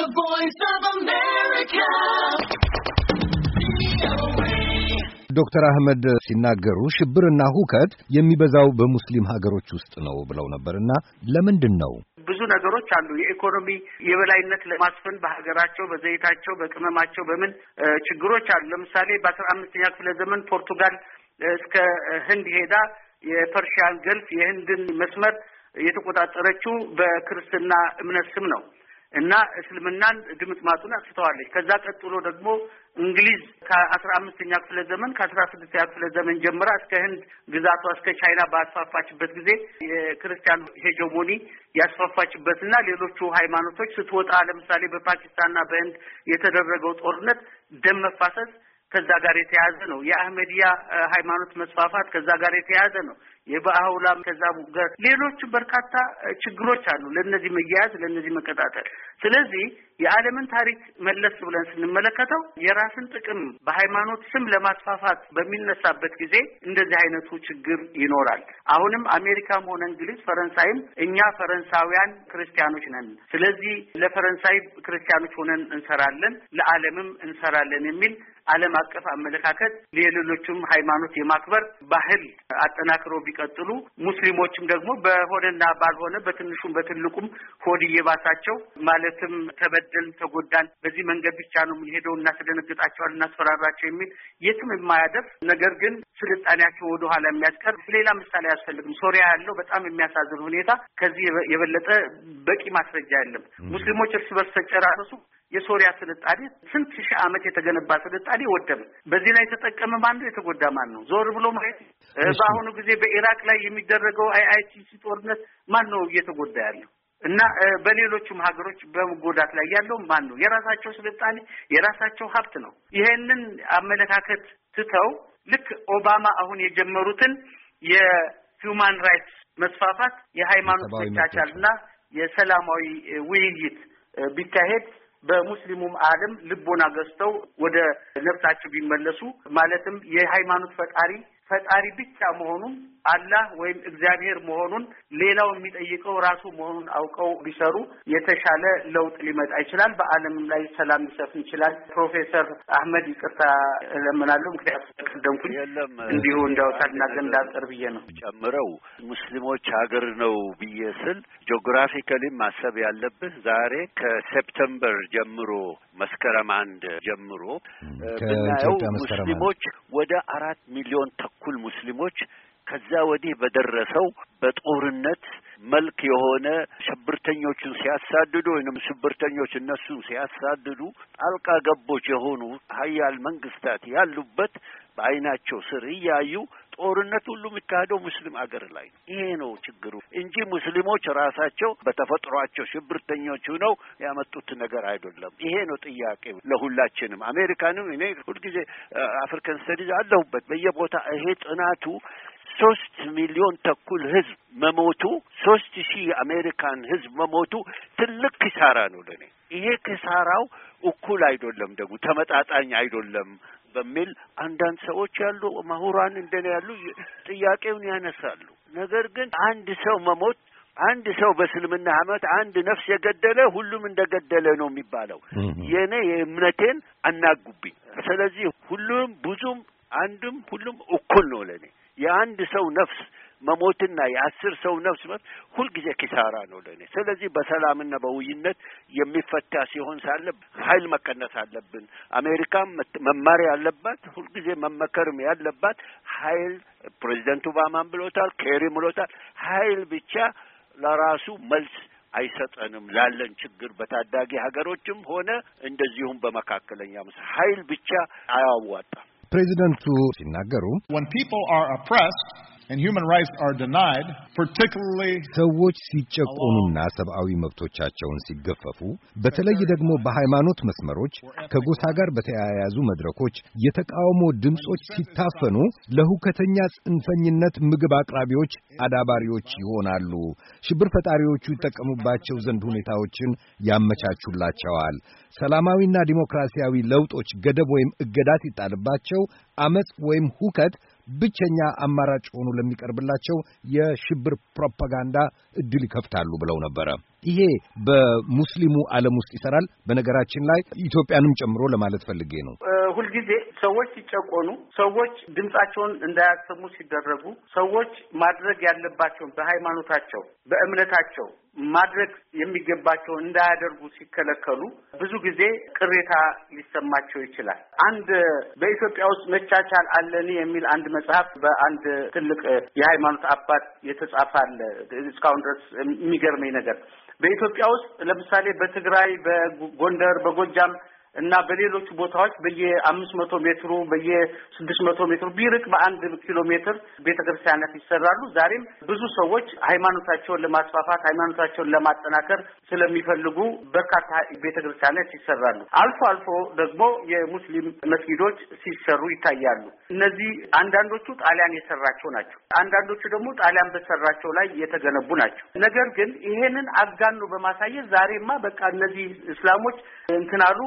The Voice of America. ዶክተር አህመድ ሲናገሩ ሽብርና ሁከት የሚበዛው በሙስሊም ሀገሮች ውስጥ ነው ብለው ነበር እና ለምንድን ነው? ብዙ ነገሮች አሉ። የኢኮኖሚ የበላይነት ለማስፈን በሀገራቸው፣ በዘይታቸው፣ በቅመማቸው፣ በምን ችግሮች አሉ። ለምሳሌ በአስራ አምስተኛ ክፍለ ዘመን ፖርቱጋል እስከ ህንድ ሄዳ የፐርሺያን ገልፍ የህንድን መስመር የተቆጣጠረችው በክርስትና እምነት ስም ነው። እና እስልምናን ማጡን አጥፍተዋለች። ከዛ ቀጥሎ ደግሞ እንግሊዝ ከአስራ አምስተኛ ክፍለ ዘመን ከአስራ ስድስተኛ ክፍለ ዘመን ጀምራ እስከ ህንድ ግዛቷ እስከ ቻይና ባስፋፋችበት ጊዜ የክርስቲያን ሄጀሞኒ ያስፋፋችበትና ሌሎቹ ሃይማኖቶች ስትወጣ ለምሳሌ በፓኪስታንና በህንድ የተደረገው ጦርነት ደም መፋሰስ ከዛ ጋር የተያያዘ ነው። የአህመዲያ ሃይማኖት መስፋፋት ከዛ ጋር የተያያዘ ነው። የባአውላም ከዛ ጋር ሌሎቹ በርካታ ችግሮች አሉ። ለእነዚህ መያያዝ፣ ለእነዚህ መቀጣጠል ስለዚህ የዓለምን ታሪክ መለስ ብለን ስንመለከተው የራስን ጥቅም በሃይማኖት ስም ለማስፋፋት በሚነሳበት ጊዜ እንደዚህ አይነቱ ችግር ይኖራል። አሁንም አሜሪካም ሆነ እንግሊዝ፣ ፈረንሳይም እኛ ፈረንሳውያን ክርስቲያኖች ነን፣ ስለዚህ ለፈረንሳይ ክርስቲያኖች ሆነን እንሰራለን፣ ለዓለምም እንሰራለን የሚል ዓለም አቀፍ አመለካከት የሌሎችም ሃይማኖት የማክበር ባህል አጠናክሮ ቢቀጥሉ ሙስሊሞችም ደግሞ በሆነና ባልሆነ በትንሹም በትልቁም ሆድ እየባሳቸው ማለ ማለትም ተበደልን፣ ተጎዳን፣ በዚህ መንገድ ብቻ ነው የምንሄደው፣ እናስደነግጣቸዋል፣ እናስፈራራቸው የሚል የትም የማያደርስ ነገር ግን ስልጣኔያቸው ወደ ኋላ የሚያስቀር ሌላ ምሳሌ አያስፈልግም። ሶሪያ ያለው በጣም የሚያሳዝን ሁኔታ ከዚህ የበለጠ በቂ ማስረጃ የለም። ሙስሊሞች እርስ በርስ ተጨራረሱ። የሶሪያ ስልጣኔ ስንት ሺህ ዓመት የተገነባ ስልጣኔ ወደም። በዚህ ላይ የተጠቀመ ማን ነው? የተጎዳ ማን ነው? ዞር ብሎ ማየት። በአሁኑ ጊዜ በኢራቅ ላይ የሚደረገው አይአይቲሲ ጦርነት ማን ነው እየተጎዳ ያለው? እና በሌሎቹም ሀገሮች በመጎዳት ላይ ያለው ማን ነው? የራሳቸው ስልጣኔ የራሳቸው ሀብት ነው። ይሄንን አመለካከት ትተው ልክ ኦባማ አሁን የጀመሩትን የሂውማን ራይትስ መስፋፋት፣ የሃይማኖት መቻቻል እና የሰላማዊ ውይይት ቢካሄድ በሙስሊሙም ዓለም ልቦና ገዝተው ወደ ነፍሳቸው ቢመለሱ ማለትም የሃይማኖት ፈጣሪ ፈጣሪ ብቻ መሆኑም አላህ ወይም እግዚአብሔር መሆኑን ሌላው የሚጠይቀው ራሱ መሆኑን አውቀው ቢሰሩ የተሻለ ለውጥ ሊመጣ ይችላል። በዓለምም ላይ ሰላም ሊሰፍን ይችላል። ፕሮፌሰር አህመድ ይቅርታ እለምናለሁ፣ ምክንያቱም ተቀደምኩኝ። የለም እንዲሁ እንዳወሳድና ገንዳ እንዳጠር ብዬ ነው ጨምረው ሙስሊሞች ሀገር ነው ብዬ ስል ጂኦግራፊካሊ ማሰብ ያለብህ ዛሬ ከሴፕተምበር ጀምሮ መስከረም አንድ ጀምሮ ብናየው ሙስሊሞች ወደ አራት ሚሊዮን ተኩል ሙስሊሞች ከዛ ወዲህ በደረሰው በጦርነት መልክ የሆነ ሽብርተኞቹን ሲያሳድዱ ወይም ሽብርተኞች እነሱን ሲያሳድዱ ጣልቃ ገቦች የሆኑ ሀያል መንግስታት ያሉበት በአይናቸው ስር እያዩ ጦርነት ሁሉ የሚካሄደው ሙስሊም አገር ላይ ነው። ይሄ ነው ችግሩ እንጂ ሙስሊሞች ራሳቸው በተፈጥሯቸው ሽብርተኞች ሆነው ያመጡት ነገር አይደለም። ይሄ ነው ጥያቄ ለሁላችንም። አሜሪካንም እኔ ሁልጊዜ አፍሪካን ስተዲዝ አለሁበት በየቦታ ይሄ ጥናቱ ሶስት ሚሊዮን ተኩል ህዝብ መሞቱ ሶስት ሺህ አሜሪካን ህዝብ መሞቱ ትልቅ ኪሳራ ነው ለእኔ። ይሄ ኪሳራው እኩል አይደለም፣ ደግሞ ተመጣጣኝ አይደለም በሚል አንዳንድ ሰዎች ያሉ ምሁራን እንደኔ ያሉ ጥያቄውን ያነሳሉ። ነገር ግን አንድ ሰው መሞት አንድ ሰው በእስልምና አመት አንድ ነፍስ የገደለ ሁሉም እንደገደለ ነው የሚባለው። የእኔ የእምነቴን አናጉብኝ። ስለዚህ ሁሉም ብዙም አንድም ሁሉም እኩል ነው ለእኔ። የአንድ ሰው ነፍስ መሞትና የአስር ሰው ነፍስ መብት ሁልጊዜ ኪሳራ ነው ለእኔ። ስለዚህ በሰላምና በውይነት የሚፈታ ሲሆን ሳለ ኃይል መቀነስ አለብን። አሜሪካ መማር ያለባት ሁልጊዜ መመከርም ያለባት ኃይል ፕሬዚደንት ኦባማን ብሎታል፣ ኬሪም ብሎታል። ኃይል ብቻ ለራሱ መልስ አይሰጠንም ላለን ችግር በታዳጊ ሀገሮችም ሆነ እንደዚሁም በመካከለኛ ምስ ኃይል ብቻ አያዋጣም። ፕሬዚደንቱ ሲናገሩ ሰዎች ሲጨቆኑና ሰብአዊ መብቶቻቸውን ሲገፈፉ በተለይ ደግሞ በሃይማኖት መስመሮች ከጎሳ ጋር በተያያዙ መድረኮች የተቃውሞ ድምፆች ሲታፈኑ ለሁከተኛ ጽንፈኝነት ምግብ አቅራቢዎች አዳባሪዎች ይሆናሉ። ሽብር ፈጣሪዎቹ ይጠቀሙባቸው ዘንድ ሁኔታዎችን ያመቻቹላቸዋል። ሰላማዊና ዲሞክራሲያዊ ለውጦች ገደብ ወይም እገዳ ሲጣልባቸው አመፅ ወይም ሁከት ብቸኛ አማራጭ ሆኖ ለሚቀርብላቸው የሽብር ፕሮፓጋንዳ እድል ይከፍታሉ ብለው ነበረ። ይሄ በሙስሊሙ ዓለም ውስጥ ይሰራል። በነገራችን ላይ ኢትዮጵያንም ጨምሮ ለማለት ፈልጌ ነው። ሁልጊዜ ሰዎች ሲጨቆኑ፣ ሰዎች ድምጻቸውን እንዳያሰሙ ሲደረጉ፣ ሰዎች ማድረግ ያለባቸውን በሃይማኖታቸው፣ በእምነታቸው፣ ማድረግ የሚገባቸው እንዳያደርጉ ሲከለከሉ ብዙ ጊዜ ቅሬታ ሊሰማቸው ይችላል። አንድ በኢትዮጵያ ውስጥ መቻቻል አለን የሚል አንድ መጽሐፍ በአንድ ትልቅ የሃይማኖት አባት የተጻፈ አለ። እስካሁን ድረስ የሚገርመኝ ነገር በኢትዮጵያ ውስጥ ለምሳሌ በትግራይ፣ በጎንደር፣ በጎጃም እና በሌሎች ቦታዎች በየአምስት መቶ ሜትሩ በየስድስት መቶ ሜትሩ ቢርቅ በአንድ ኪሎ ሜትር ክርስቲያናት ይሰራሉ። ዛሬም ብዙ ሰዎች ሃይማኖታቸውን ለማስፋፋት ሃይማኖታቸውን ለማጠናከር ስለሚፈልጉ በርካታ ክርስቲያናት ይሰራሉ። አልፎ አልፎ ደግሞ የሙስሊም መስጊዶች ሲሰሩ ይታያሉ። እነዚህ አንዳንዶቹ ጣሊያን የሰራቸው ናቸው። አንዳንዶቹ ደግሞ ጣሊያን በሰራቸው ላይ የተገነቡ ናቸው። ነገር ግን ይሄንን አጋኖ በማሳየት ዛሬማ በቃ እነዚህ እስላሞች እንትናሉ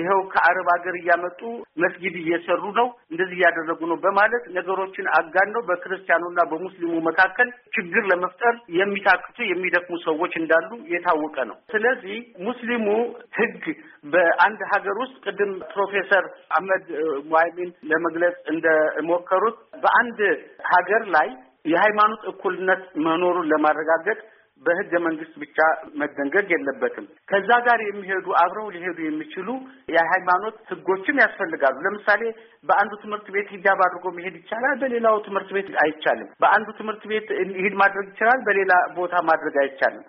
ይኸው ከአረብ ሀገር እያመጡ መስጊድ እየሰሩ ነው፣ እንደዚህ እያደረጉ ነው በማለት ነገሮችን አጋን ነው በክርስቲያኑና በሙስሊሙ መካከል ችግር ለመፍጠር የሚታክቱ የሚደክሙ ሰዎች እንዳሉ የታወቀ ነው። ስለዚህ ሙስሊሙ ሕግ በአንድ ሀገር ውስጥ ቅድም ፕሮፌሰር አህመድ ሙሀይሚን ለመግለጽ እንደሞከሩት በአንድ ሀገር ላይ የሃይማኖት እኩልነት መኖሩን ለማረጋገጥ በህገ መንግስት ብቻ መደንገግ የለበትም። ከዛ ጋር የሚሄዱ አብረው ሊሄዱ የሚችሉ የሃይማኖት ህጎችም ያስፈልጋሉ። ለምሳሌ በአንዱ ትምህርት ቤት ሂጃብ አድርጎ መሄድ ይቻላል፣ በሌላው ትምህርት ቤት አይቻልም። በአንዱ ትምህርት ቤት ሂድ ማድረግ ይቻላል፣ በሌላ ቦታ ማድረግ አይቻልም።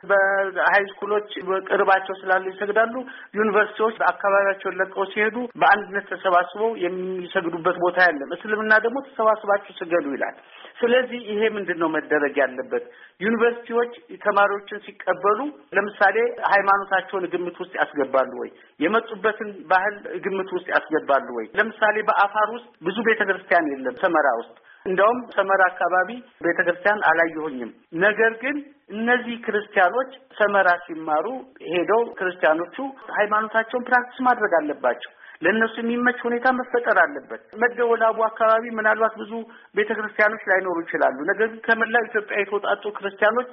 በሃይስኩሎች ቅርባቸው ስላሉ ይሰግዳሉ። ዩኒቨርሲቲዎች አካባቢያቸውን ለቀው ሲሄዱ በአንድነት ተሰባስበው የሚሰግዱበት ቦታ ያለም። እስልምና ደግሞ ተሰባስባችሁ ስገዱ ይላል። ስለዚህ ይሄ ምንድን ነው መደረግ ያለበት? ዩኒቨርሲቲዎች ተማሪዎችን ሲቀበሉ ለምሳሌ ሃይማኖታቸውን ግምት ውስጥ ያስገባሉ ወይ? የመጡበትን ባህል ግምት ውስጥ ያስገባሉ ወይ? ለምሳሌ በአፋር ውስጥ ብዙ ቤተ ክርስቲያን የለም፣ ሰመራ ውስጥ እንደውም ሰመራ አካባቢ ቤተ ክርስቲያን አላየሁኝም። ነገር ግን እነዚህ ክርስቲያኖች ሰመራ ሲማሩ ሄደው ክርስቲያኖቹ ሃይማኖታቸውን ፕራክቲስ ማድረግ አለባቸው። ለእነሱ የሚመች ሁኔታ መፈጠር አለበት። መደወላቡ አካባቢ ምናልባት ብዙ ቤተ ክርስቲያኖች ላይኖሩ ይችላሉ። ነገር ግን ከመላው ኢትዮጵያ የተወጣጡ ክርስቲያኖች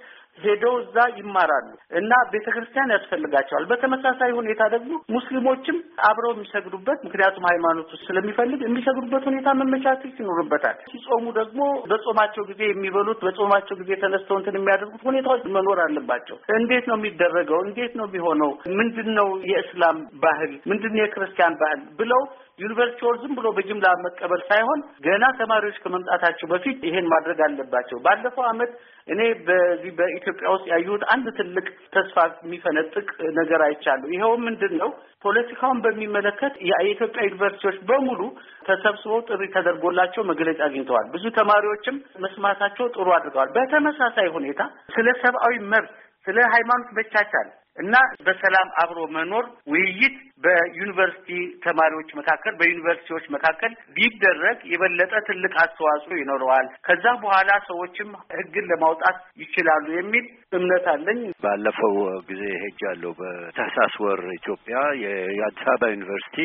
ሄደው እዛ ይማራሉ እና ቤተ ክርስቲያን ያስፈልጋቸዋል። በተመሳሳይ ሁኔታ ደግሞ ሙስሊሞችም አብረው የሚሰግዱበት ምክንያቱም ሃይማኖቱ ስለሚፈልግ የሚሰግዱበት ሁኔታ መመቻቸት ይኖርበታል። ሲጾሙ ደግሞ በጾማቸው ጊዜ የሚበሉት በጾማቸው ጊዜ ተነስተው እንትን የሚያደርጉት ሁኔታዎች መኖር አለባቸው። እንዴት ነው የሚደረገው? እንዴት ነው የሚሆነው? ምንድን ነው የእስላም ባህል? ምንድን ነው የክርስቲያን ባህል ብለው ዩኒቨርሲቲዎች ዝም ብሎ በጅምላ መቀበል ሳይሆን ገና ተማሪዎች ከመምጣታቸው በፊት ይሄን ማድረግ አለባቸው። ባለፈው ዓመት እኔ በዚህ በኢትዮጵያ ውስጥ ያየሁት አንድ ትልቅ ተስፋ የሚፈነጥቅ ነገር አይቻለሁ። ይኸውም ምንድን ነው? ፖለቲካውን በሚመለከት የኢትዮጵያ ዩኒቨርሲቲዎች በሙሉ ተሰብስበው ጥሪ ተደርጎላቸው መግለጫ አግኝተዋል። ብዙ ተማሪዎችም መስማታቸው ጥሩ አድርገዋል። በተመሳሳይ ሁኔታ ስለ ሰብአዊ መብት፣ ስለ ሃይማኖት መቻቻል እና በሰላም አብሮ መኖር ውይይት በዩኒቨርሲቲ ተማሪዎች መካከል በዩኒቨርሲቲዎች መካከል ቢደረግ የበለጠ ትልቅ አስተዋጽኦ ይኖረዋል። ከዛ በኋላ ሰዎችም ህግን ለማውጣት ይችላሉ የሚል እምነት አለኝ። ባለፈው ጊዜ ሄጃለሁ። በታህሳስ ወር ኢትዮጵያ የአዲስ አበባ ዩኒቨርሲቲ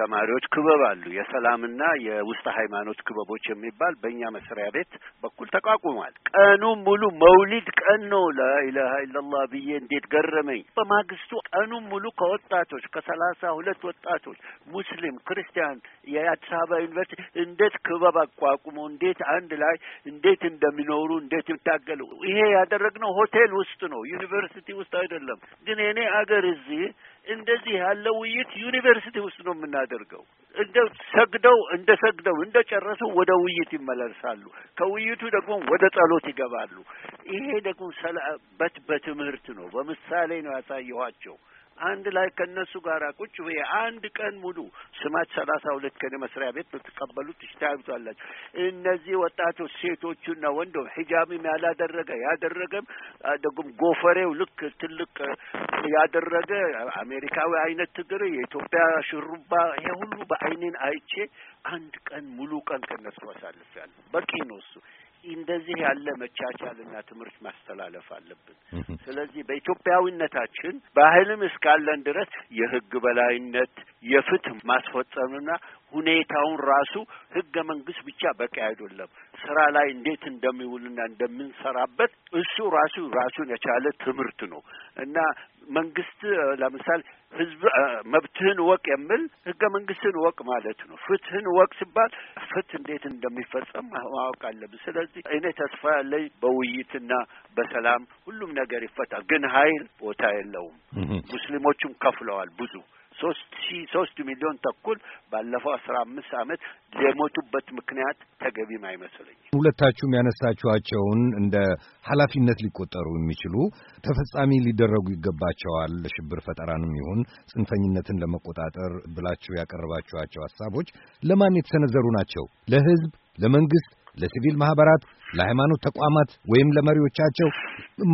ተማሪዎች ክበብ አሉ። የሰላምና የውስጥ ሃይማኖት ክበቦች የሚባል በእኛ መስሪያ ቤት በኩል ተቋቁሟል። ቀኑን ሙሉ መውሊድ ቀን ነው። ላኢላሃ ኢለላህ ብዬ እንዴት ገረመኝ። በማግስቱ ቀኑን ሙሉ ከወጣቶች ሰላሳ ሁለት ወጣቶች ሙስሊም፣ ክርስቲያን የአዲስ አበባ ዩኒቨርሲቲ እንዴት ክበብ አቋቁሞ እንዴት አንድ ላይ እንዴት እንደሚኖሩ እንዴት ይታገሉ። ይሄ ያደረግነው ሆቴል ውስጥ ነው፣ ዩኒቨርሲቲ ውስጥ አይደለም። ግን የኔ አገር እዚህ እንደዚህ ያለ ውይይት ዩኒቨርሲቲ ውስጥ ነው የምናደርገው። እንደ ሰግደው እንደ ሰግደው እንደ ጨረሱ ወደ ውይይት ይመለሳሉ። ከውይይቱ ደግሞ ወደ ጸሎት ይገባሉ። ይሄ ደግሞ በትምህርት ነው፣ በምሳሌ ነው ያሳየኋቸው። አንድ ላይ ከእነሱ ጋር ቁጭ ብዬ አንድ ቀን ሙሉ ስማች ሰላሳ ሁለት ቀን መስሪያ ቤት ልትቀበሉ ትችታዩታላችሁ። እነዚህ ወጣቶች ሴቶቹና ወንዶ ሂጃብም ያላደረገ ያደረገም ደግሞ ጎፈሬው ልክ ትልቅ ያደረገ አሜሪካዊ አይነት ትግር የኢትዮጵያ ሽሩባ ይሄ ሁሉ በአይኔን አይቼ አንድ ቀን ሙሉ ቀን ከነሱ አሳልፍ ያለ በቂ ነው እሱ። እንደዚህ ያለ መቻቻልና ትምህርት ማስተላለፍ አለብን። ስለዚህ በኢትዮጵያዊነታችን ባህልም እስካለን ድረስ የህግ በላይነት የፍትህ ማስፈጸምና ሁኔታውን ራሱ ህገ መንግስት ብቻ በቂ አይደለም። ስራ ላይ እንዴት እንደሚውልና እንደምንሰራበት እሱ ራሱ ራሱን የቻለ ትምህርት ነው እና መንግስት ለምሳሌ ህዝብ መብትህን ወቅ የሚል ህገ መንግስትን ወቅ ማለት ነው። ፍትህን ወቅ ሲባል ፍትህ እንዴት እንደሚፈጸም ማወቅ አለብን። ስለዚህ እኔ ተስፋ ያለኝ በውይይትና በሰላም ሁሉም ነገር ይፈታል። ግን ሀይል ቦታ የለውም። ሙስሊሞቹም ከፍለዋል ብዙ ሶስት ሺ ሶስት ሚሊዮን ተኩል ባለፈው አስራ አምስት ዓመት የሞቱበት ምክንያት ተገቢም አይመስለኝም። ሁለታችሁም ያነሳችኋቸውን እንደ ኃላፊነት ሊቆጠሩ የሚችሉ ተፈጻሚ ሊደረጉ ይገባቸዋል ለሽብር ፈጠራንም ይሁን ጽንፈኝነትን ለመቆጣጠር ብላችሁ ያቀረባችኋቸው ሀሳቦች ለማን የተሰነዘሩ ናቸው? ለህዝብ፣ ለመንግስት፣ ለሲቪል ማህበራት ለሃይማኖት ተቋማት ወይም ለመሪዎቻቸው?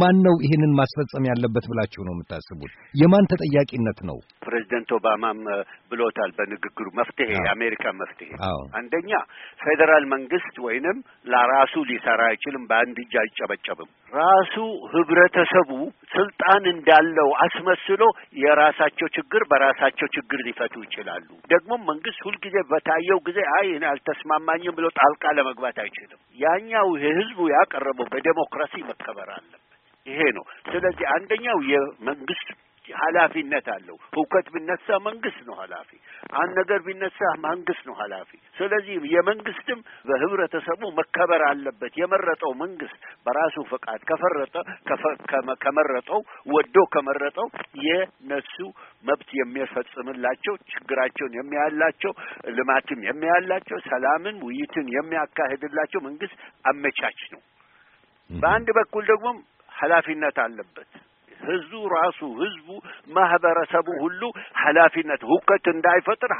ማን ነው ይህንን ማስፈጸም ያለበት ብላችሁ ነው የምታስቡት? የማን ተጠያቂነት ነው? ፕሬዚደንት ኦባማም ብሎታል በንግግሩ መፍትሄ፣ የአሜሪካ መፍትሄ አንደኛ ፌዴራል መንግስት ወይንም ለራሱ ሊሰራ አይችልም፣ በአንድ እጅ አይጨበጨብም። ራሱ ህብረተሰቡ ስልጣን እንዳለው አስመስሎ የራሳቸው ችግር በራሳቸው ችግር ሊፈቱ ይችላሉ። ደግሞ መንግስት ሁልጊዜ በታየው ጊዜ አይ እኔ አልተስማማኝም ብሎ ጣልቃ ለመግባት አይችልም። ያኛው ህዝቡ ያቀረበው በዴሞክራሲ መከበር አለበት። ይሄ ነው። ስለዚህ አንደኛው የመንግስት ኃላፊነት አለው። ሁከት ቢነሳ መንግስት ነው ኃላፊ። አንድ ነገር ቢነሳ መንግስት ነው ኃላፊ። ስለዚህ የመንግስትም በህብረተሰቡ መከበር አለበት። የመረጠው መንግስት በራሱ ፈቃድ ከፈረጠ ከመረጠው ወዶ ከመረጠው የነሱ መብት የሚፈጽምላቸው ችግራቸውን የሚያላቸው ልማትም የሚያላቸው ሰላምን፣ ውይይትን የሚያካሂድላቸው መንግስት አመቻች ነው። በአንድ በኩል ደግሞ ኃላፊነት አለበት። ህዝቡ ራሱ ህዝቡ ማህበረሰቡ ሁሉ ኃላፊነት ሁከት እንዳይፈጥር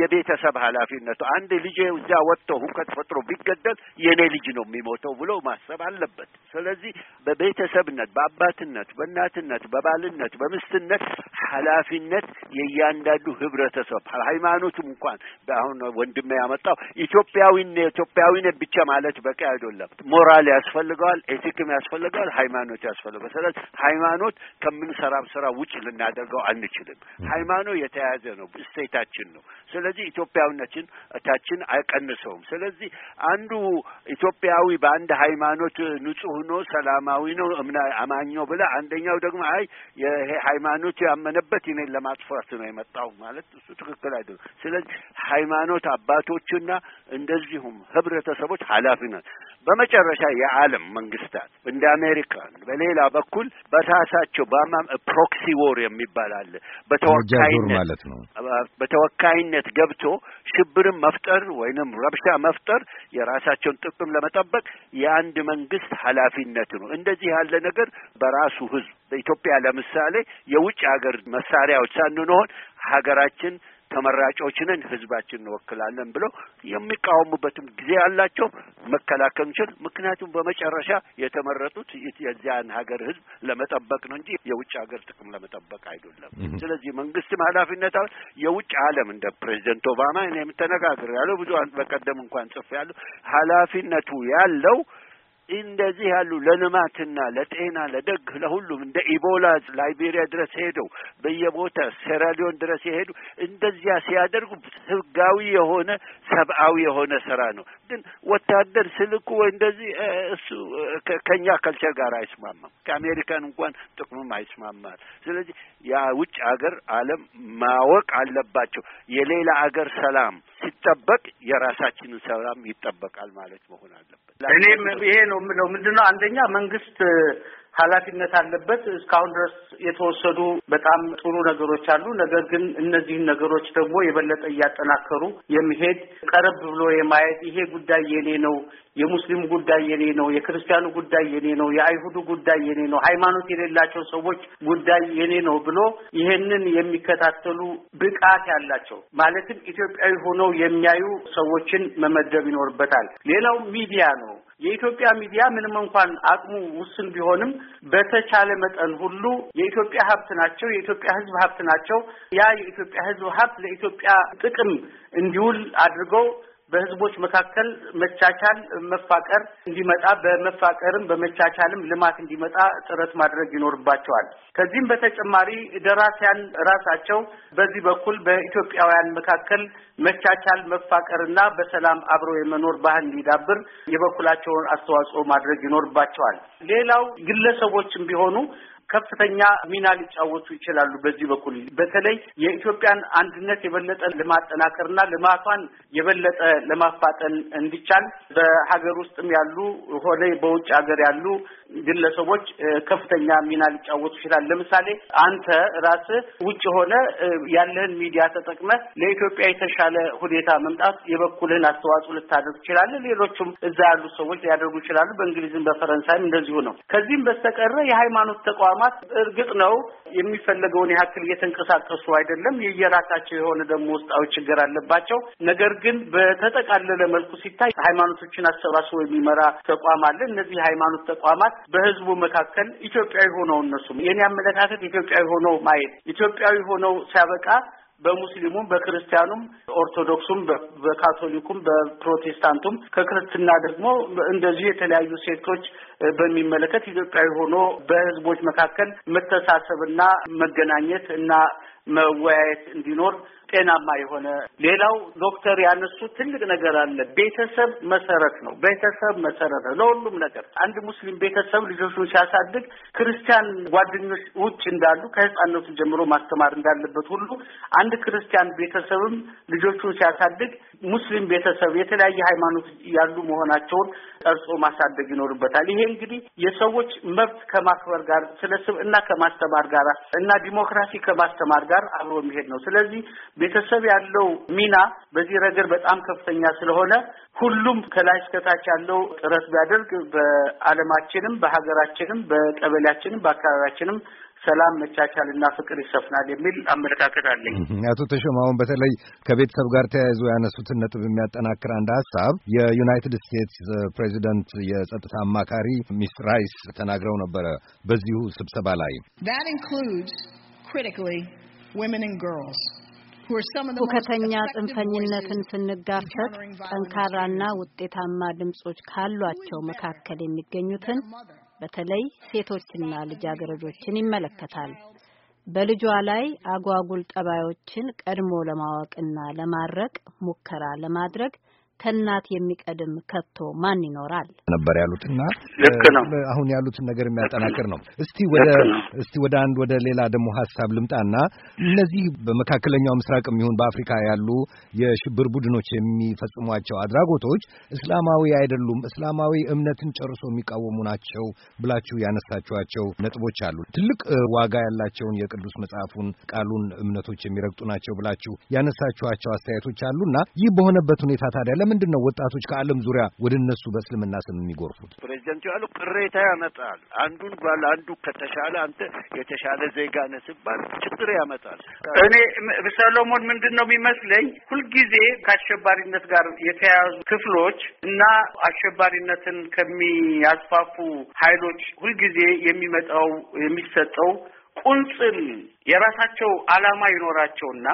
የቤተሰብ ኃላፊነቱ አንድ ልጅ እዚያ ወጥቶ ሁከት ፈጥሮ ቢገደል የእኔ ልጅ ነው የሚሞተው ብሎ ማሰብ አለበት። ስለዚህ በቤተሰብነት፣ በአባትነት፣ በእናትነት፣ በባልነት፣ በምስትነት ኃላፊነት የእያንዳንዱ ህብረተሰብ ሃይማኖቱም እንኳን በአሁን ወንድሜ ያመጣው ኢትዮጵያዊን ኢትዮጵያዊን ብቻ ማለት በቂ አይደለም። ሞራል ያስፈልገዋል፣ ኤቲክም ያስፈልገዋል፣ ሃይማኖት ያስፈልገዋል። ስለዚህ ሃይማኖት ከምንሰራም ስራ ውጭ ልናደርገው አንችልም። ሃይማኖ የተያያዘ ነው፣ እሴታችን ነው። ስለዚህ ኢትዮጵያዊነችን እታችን አይቀንሰውም። ስለዚህ አንዱ ኢትዮጵያዊ በአንድ ሃይማኖት ንጹህ ነው፣ ሰላማዊ ነው፣ እምና አማኝ ነው አንደኛው ደግሞ አይ ይሄ ሃይማኖት ያመነበት እኔን ለማጥፋት ነው የመጣው ማለት እሱ ትክክል አይደለም። ስለዚህ ሃይማኖት አባቶችና እንደዚሁም ህብረተሰቦች ኃላፊ ናት። በመጨረሻ የዓለም መንግስታት እንደ አሜሪካን በሌላ በኩል በራሳቸው ናቸው። በአማም ፕሮክሲ ዎር የሚባል አለ። በተወካይነት ማለት ነው። በተወካይነት ገብቶ ሽብርን መፍጠር ወይንም ረብሻ መፍጠር የራሳቸውን ጥቅም ለመጠበቅ የአንድ መንግስት ኃላፊነት ነው። እንደዚህ ያለ ነገር በራሱ ህዝብ በኢትዮጵያ ለምሳሌ የውጭ ሀገር መሳሪያዎች ሳንሆን ሀገራችን ተመራጮች ነን፣ ህዝባችን እንወክላለን ብለው የሚቃወሙበትም ጊዜ ያላቸው መከላከል እንችል። ምክንያቱም በመጨረሻ የተመረጡት የዚያን ሀገር ህዝብ ለመጠበቅ ነው እንጂ የውጭ ሀገር ጥቅም ለመጠበቅ አይደለም። ስለዚህ መንግስትም ኃላፊነት አለ። የውጭ ዓለም እንደ ፕሬዚደንት ኦባማ እኔም ያለው ብዙ በቀደም እንኳን ያለው ኃላፊነቱ ያለው እንደዚህ ያሉ ለልማትና ለጤና ለደግ ለሁሉም እንደ ኢቦላ ላይቤሪያ ድረስ ሄደው በየቦታ ሴራሊዮን ድረስ የሄዱ እንደዚያ ሲያደርጉ ህጋዊ የሆነ ሰብአዊ የሆነ ስራ ነው። ግን ወታደር ስልኩ ወይ እንደዚህ እሱ ከእኛ ከልቸር ጋር አይስማማም። ከአሜሪካን እንኳን ጥቅምም አይስማማል። ስለዚህ የውጭ ሀገር አለም ማወቅ አለባቸው። የሌላ አገር ሰላም ሲጠበቅ የራሳችንን ሰላም ይጠበቃል ማለት መሆን አለበት። እኔም ይሄ ነው የምለው ምንድነው አንደኛ መንግስት ኃላፊነት አለበት። እስካሁን ድረስ የተወሰዱ በጣም ጥሩ ነገሮች አሉ። ነገር ግን እነዚህን ነገሮች ደግሞ የበለጠ እያጠናከሩ የሚሄድ ቀረብ ብሎ የማየት ይሄ ጉዳይ የኔ ነው፣ የሙስሊም ጉዳይ የኔ ነው፣ የክርስቲያኑ ጉዳይ የኔ ነው፣ የአይሁዱ ጉዳይ የኔ ነው፣ ሃይማኖት የሌላቸው ሰዎች ጉዳይ የኔ ነው ብሎ ይሄንን የሚከታተሉ ብቃት ያላቸው ማለትም ኢትዮጵያዊ ሆነው የሚያዩ ሰዎችን መመደብ ይኖርበታል። ሌላው ሚዲያ ነው። የኢትዮጵያ ሚዲያ ምንም እንኳን አቅሙ ውስን ቢሆንም በተቻለ መጠን ሁሉ የኢትዮጵያ ሀብት ናቸው፣ የኢትዮጵያ ሕዝብ ሀብት ናቸው። ያ የኢትዮጵያ ሕዝብ ሀብት ለኢትዮጵያ ጥቅም እንዲውል አድርገው በህዝቦች መካከል መቻቻል፣ መፋቀር እንዲመጣ በመፋቀርም በመቻቻልም ልማት እንዲመጣ ጥረት ማድረግ ይኖርባቸዋል። ከዚህም በተጨማሪ ደራሲያን ራሳቸው በዚህ በኩል በኢትዮጵያውያን መካከል መቻቻል፣ መፋቀርና በሰላም አብሮ የመኖር ባህል እንዲዳብር የበኩላቸውን አስተዋጽኦ ማድረግ ይኖርባቸዋል። ሌላው ግለሰቦችም ቢሆኑ ከፍተኛ ሚና ሊጫወቱ ይችላሉ። በዚህ በኩል በተለይ የኢትዮጵያን አንድነት የበለጠ ለማጠናከርና ልማቷን የበለጠ ለማፋጠን እንዲቻል በሀገር ውስጥም ያሉ ሆነ በውጭ ሀገር ያሉ ግለሰቦች ከፍተኛ ሚና ሊጫወቱ ይችላል። ለምሳሌ አንተ ራስ ውጭ ሆነ ያለህን ሚዲያ ተጠቅመ ለኢትዮጵያ የተሻለ ሁኔታ መምጣት የበኩልህን አስተዋጽኦ ልታደርግ ትችላለህ። ሌሎቹም እዛ ያሉ ሰዎች ሊያደርጉ ይችላሉ። በእንግሊዝም በፈረንሳይም እንደዚሁ ነው። ከዚህም በስተቀረ የሃይማኖት ተቋማ ተቋማት እርግጥ ነው የሚፈለገውን ያክል እየተንቀሳቀሱ አይደለም። የየራሳቸው የሆነ ደግሞ ውስጣዊ ችግር አለባቸው። ነገር ግን በተጠቃለለ መልኩ ሲታይ ሃይማኖቶችን አሰባስቦ የሚመራ ተቋም አለ። እነዚህ ሃይማኖት ተቋማት በህዝቡ መካከል ኢትዮጵያዊ ሆነው እነሱም የኔ አመለካከት ኢትዮጵያዊ ሆነው ማየት ኢትዮጵያዊ ሆነው ሲያበቃ በሙስሊሙም በክርስቲያኑም ኦርቶዶክሱም በካቶሊኩም በፕሮቴስታንቱም ከክርስትና ደግሞ እንደዚሁ የተለያዩ ሴክቶች በሚመለከት ኢትዮጵያዊ ሆኖ በህዝቦች መካከል መተሳሰብና መገናኘት እና መወያየት እንዲኖር ጤናማ የሆነ ሌላው ዶክተር ያነሱ ትልቅ ነገር አለ። ቤተሰብ መሰረት ነው። ቤተሰብ መሰረት ነው ለሁሉም ነገር። አንድ ሙስሊም ቤተሰብ ልጆቹን ሲያሳድግ ክርስቲያን ጓደኞች ውጭ እንዳሉ ከህፃነቱ ጀምሮ ማስተማር እንዳለበት ሁሉ አንድ ክርስቲያን ቤተሰብም ልጆቹን ሲያሳድግ ሙስሊም ቤተሰብ የተለያየ ሃይማኖት ያሉ መሆናቸውን ቀርጾ ማሳደግ ይኖርበታል። ይሄ እንግዲህ የሰዎች መብት ከማክበር ጋር ስለ ስብዕና ከማስተማር ጋር እና ዲሞክራሲ ከማስተማር ጋር አብሮ የሚሄድ ነው። ስለዚህ ቤተሰብ ያለው ሚና በዚህ ረገድ በጣም ከፍተኛ ስለሆነ ሁሉም ከላይ እስከታች ያለው ጥረት ቢያደርግ በዓለማችንም በሀገራችንም በቀበሌያችንም በአካባቢያችንም ሰላም፣ መቻቻልና ፍቅር ይሰፍናል የሚል አመለካከት አለኝ። አቶ ተሾም አሁን በተለይ ከቤተሰብ ጋር ተያይዞ ያነሱትን ነጥብ የሚያጠናክር አንድ ሀሳብ የዩናይትድ ስቴትስ ፕሬዚደንት የጸጥታ አማካሪ ሚስ ራይስ ተናግረው ነበረ በዚሁ ስብሰባ ላይ ሁከተኛ ጽንፈኝነትን ስንጋፈጥ ጠንካራና ውጤታማ ድምጾች ካሏቸው መካከል የሚገኙትን በተለይ ሴቶችና ልጃገረዶችን ይመለከታል። በልጇ ላይ አጓጉል ጠባዮችን ቀድሞ ለማወቅና ለማድረቅ ሙከራ ለማድረግ ከእናት የሚቀድም ከቶ ማን ይኖራል ነበር ያሉትና ልክ ነው። አሁን ያሉትን ነገር የሚያጠናክር ነው። እስቲ ወደ እስቲ ወደ አንድ ወደ ሌላ ደግሞ ሀሳብ ልምጣና እነዚህ በመካከለኛው ምስራቅ የሚሆን በአፍሪካ ያሉ የሽብር ቡድኖች የሚፈጽሟቸው አድራጎቶች እስላማዊ አይደሉም፣ እስላማዊ እምነትን ጨርሶ የሚቃወሙ ናቸው ብላችሁ ያነሳችኋቸው ነጥቦች አሉ። ትልቅ ዋጋ ያላቸውን የቅዱስ መጽሐፉን ቃሉን እምነቶች የሚረግጡ ናቸው ብላችሁ ያነሳችኋቸው አስተያየቶች አሉና ይህ በሆነበት ሁኔታ ታዲያ ለምንድን ነው ወጣቶች ከዓለም ዙሪያ ወደ እነሱ በእስልምና ስም የሚጎርፉት? ፕሬዚደንቱ ያሉ ቅሬታ ያመጣል። አንዱን ባል አንዱ ከተሻለ አንተ የተሻለ ዜጋ ነህ ሲባል ችግር ያመጣል። እኔ ሰሎሞን ምንድን ነው የሚመስለኝ ሁልጊዜ ከአሸባሪነት ጋር የተያያዙ ክፍሎች እና አሸባሪነትን ከሚያስፋፉ ኃይሎች ሁልጊዜ የሚመጣው የሚሰጠው ቁንጽል የራሳቸው ዓላማ ይኖራቸውና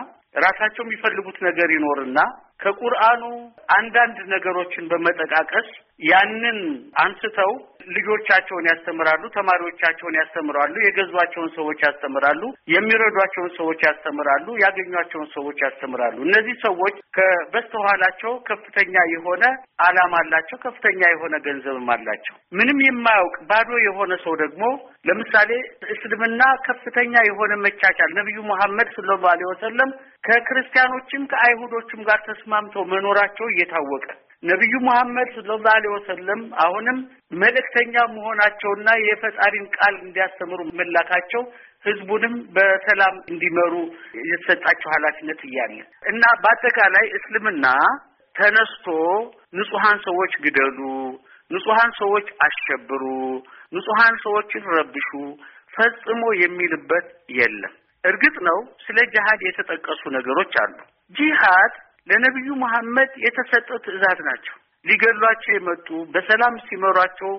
ራሳቸው የሚፈልጉት ነገር ይኖርና ከቁርአኑ አንዳንድ ነገሮችን በመጠቃቀስ ያንን አንስተው ልጆቻቸውን ያስተምራሉ፣ ተማሪዎቻቸውን ያስተምራሉ፣ የገዟቸውን ሰዎች ያስተምራሉ፣ የሚረዷቸውን ሰዎች ያስተምራሉ፣ ያገኟቸውን ሰዎች ያስተምራሉ። እነዚህ ሰዎች ከበስተኋላቸው ከፍተኛ የሆነ ዓላማ አላቸው፣ ከፍተኛ የሆነ ገንዘብም አላቸው። ምንም የማያውቅ ባዶ የሆነ ሰው ደግሞ ለምሳሌ እስልምና ከፍተኛ የሆነ መቻቻል ነቢዩ መሐመድ ሰለላሁ ዐለይሂ ወሰለም ከክርስቲያኖችም ከአይሁዶችም ጋር ተስ ተስማምተው መኖራቸው እየታወቀ ነቢዩ መሐመድ ሰለላሁ ዐለይሂ ወሰለም አሁንም መልእክተኛ መሆናቸውና የፈጣሪን ቃል እንዲያስተምሩ መላካቸው ህዝቡንም በሰላም እንዲመሩ የተሰጣቸው ኃላፊነት እያለ እና በአጠቃላይ እስልምና ተነስቶ ንጹሐን ሰዎች ግደሉ፣ ንጹሐን ሰዎች አሸብሩ፣ ንጹሐን ሰዎችን ረብሹ ፈጽሞ የሚልበት የለም። እርግጥ ነው ስለ ጂሃድ የተጠቀሱ ነገሮች አሉ። ጂሃድ ለነቢዩ መሐመድ የተሰጠ ትዕዛዝ ናቸው። ሊገሏቸው የመጡ በሰላም ሲመሯቸው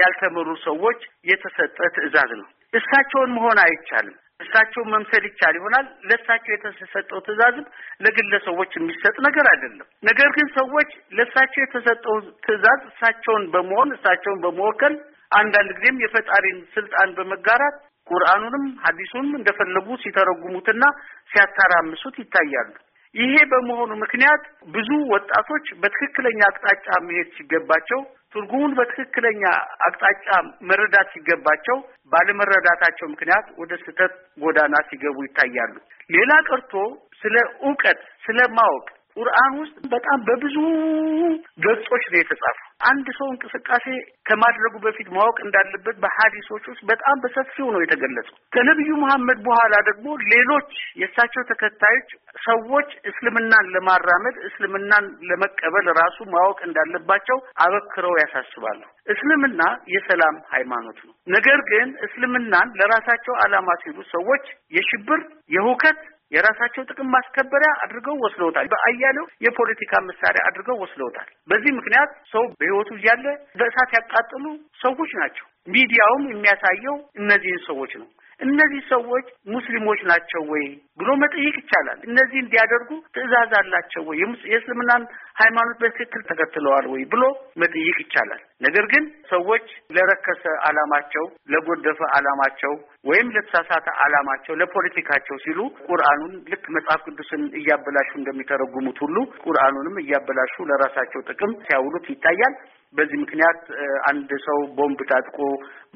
ያልተመሩ ሰዎች የተሰጠ ትዕዛዝ ነው። እሳቸውን መሆን አይቻልም። እሳቸውን መምሰል ይቻል ይሆናል። ለእሳቸው የተሰጠው ትዕዛዝም ለግለሰቦች የሚሰጥ ነገር አይደለም። ነገር ግን ሰዎች ለእሳቸው የተሰጠው ትዕዛዝ እሳቸውን በመሆን እሳቸውን በመወከል አንዳንድ ጊዜም የፈጣሪን ስልጣን በመጋራት ቁርአኑንም ሀዲሱንም እንደፈለጉ ሲተረጉሙትና ሲያታራምሱት ይታያሉ። ይሄ በመሆኑ ምክንያት ብዙ ወጣቶች በትክክለኛ አቅጣጫ መሄድ ሲገባቸው ትርጉሙን በትክክለኛ አቅጣጫ መረዳት ሲገባቸው ባለመረዳታቸው ምክንያት ወደ ስህተት ጎዳና ሲገቡ ይታያሉ። ሌላ ቀርቶ ስለ እውቀት ስለ ማወቅ ቁርአን ውስጥ በጣም በብዙ ገጾች ነው የተጻፈው። አንድ ሰው እንቅስቃሴ ከማድረጉ በፊት ማወቅ እንዳለበት በሀዲሶች ውስጥ በጣም በሰፊው ነው የተገለጸው። ከነቢዩ መሐመድ በኋላ ደግሞ ሌሎች የእሳቸው ተከታዮች ሰዎች እስልምናን ለማራመድ እስልምናን ለመቀበል ራሱ ማወቅ እንዳለባቸው አበክረው ያሳስባሉ። እስልምና የሰላም ሃይማኖት ነው። ነገር ግን እስልምናን ለራሳቸው ዓላማ ሲሉ ሰዎች የሽብር፣ የሁከት የራሳቸው ጥቅም ማስከበሪያ አድርገው ወስደውታል። በአያሌው የፖለቲካ መሳሪያ አድርገው ወስደውታል። በዚህ ምክንያት ሰው በህይወቱ እያለ በእሳት ያቃጥሉ ሰዎች ናቸው። ሚዲያውም የሚያሳየው እነዚህን ሰዎች ነው። እነዚህ ሰዎች ሙስሊሞች ናቸው ወይ ብሎ መጠየቅ ይቻላል። እነዚህ እንዲያደርጉ ትዕዛዝ አላቸው ወይ፣ የእስልምናን ሃይማኖት በትክክል ተከትለዋል ወይ ብሎ መጠየቅ ይቻላል። ነገር ግን ሰዎች ለረከሰ ዓላማቸው፣ ለጎደፈ ዓላማቸው ወይም ለተሳሳተ ዓላማቸው ለፖለቲካቸው ሲሉ ቁርአኑን ልክ መጽሐፍ ቅዱስን እያበላሹ እንደሚተረጉሙት ሁሉ ቁርአኑንም እያበላሹ ለራሳቸው ጥቅም ሲያውሉት ይታያል። በዚህ ምክንያት አንድ ሰው ቦምብ ታጥቆ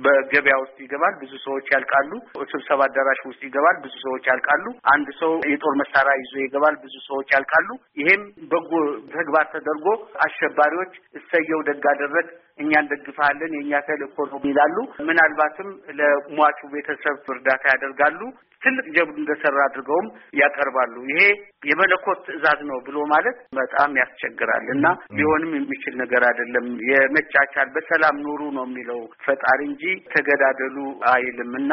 በገበያ ውስጥ ይገባል፣ ብዙ ሰዎች ያልቃሉ። ስብሰባ አዳራሽ ውስጥ ይገባል፣ ብዙ ሰዎች ያልቃሉ። አንድ ሰው የጦር መሳሪያ ይዞ ይገባል፣ ብዙ ሰዎች ያልቃሉ። ይሄም በጎ ተግባር ተደርጎ አሸባሪዎች እሰየው ደግ አደረግ እኛ እንደግፋለን የእኛ ተልእኮ ነው ይላሉ። ምናልባትም ለሟቹ ቤተሰብ እርዳታ ያደርጋሉ። ትልቅ ጀብዱ እንደሰራ አድርገውም ያቀርባሉ። ይሄ የመለኮት ትዕዛዝ ነው ብሎ ማለት በጣም ያስቸግራል እና ሊሆንም የሚችል ነገር አይደለም። የመቻቻል በሰላም ኑሩ ነው የሚለው ፈጣሪ እንጂ ተገዳደሉ አይልም እና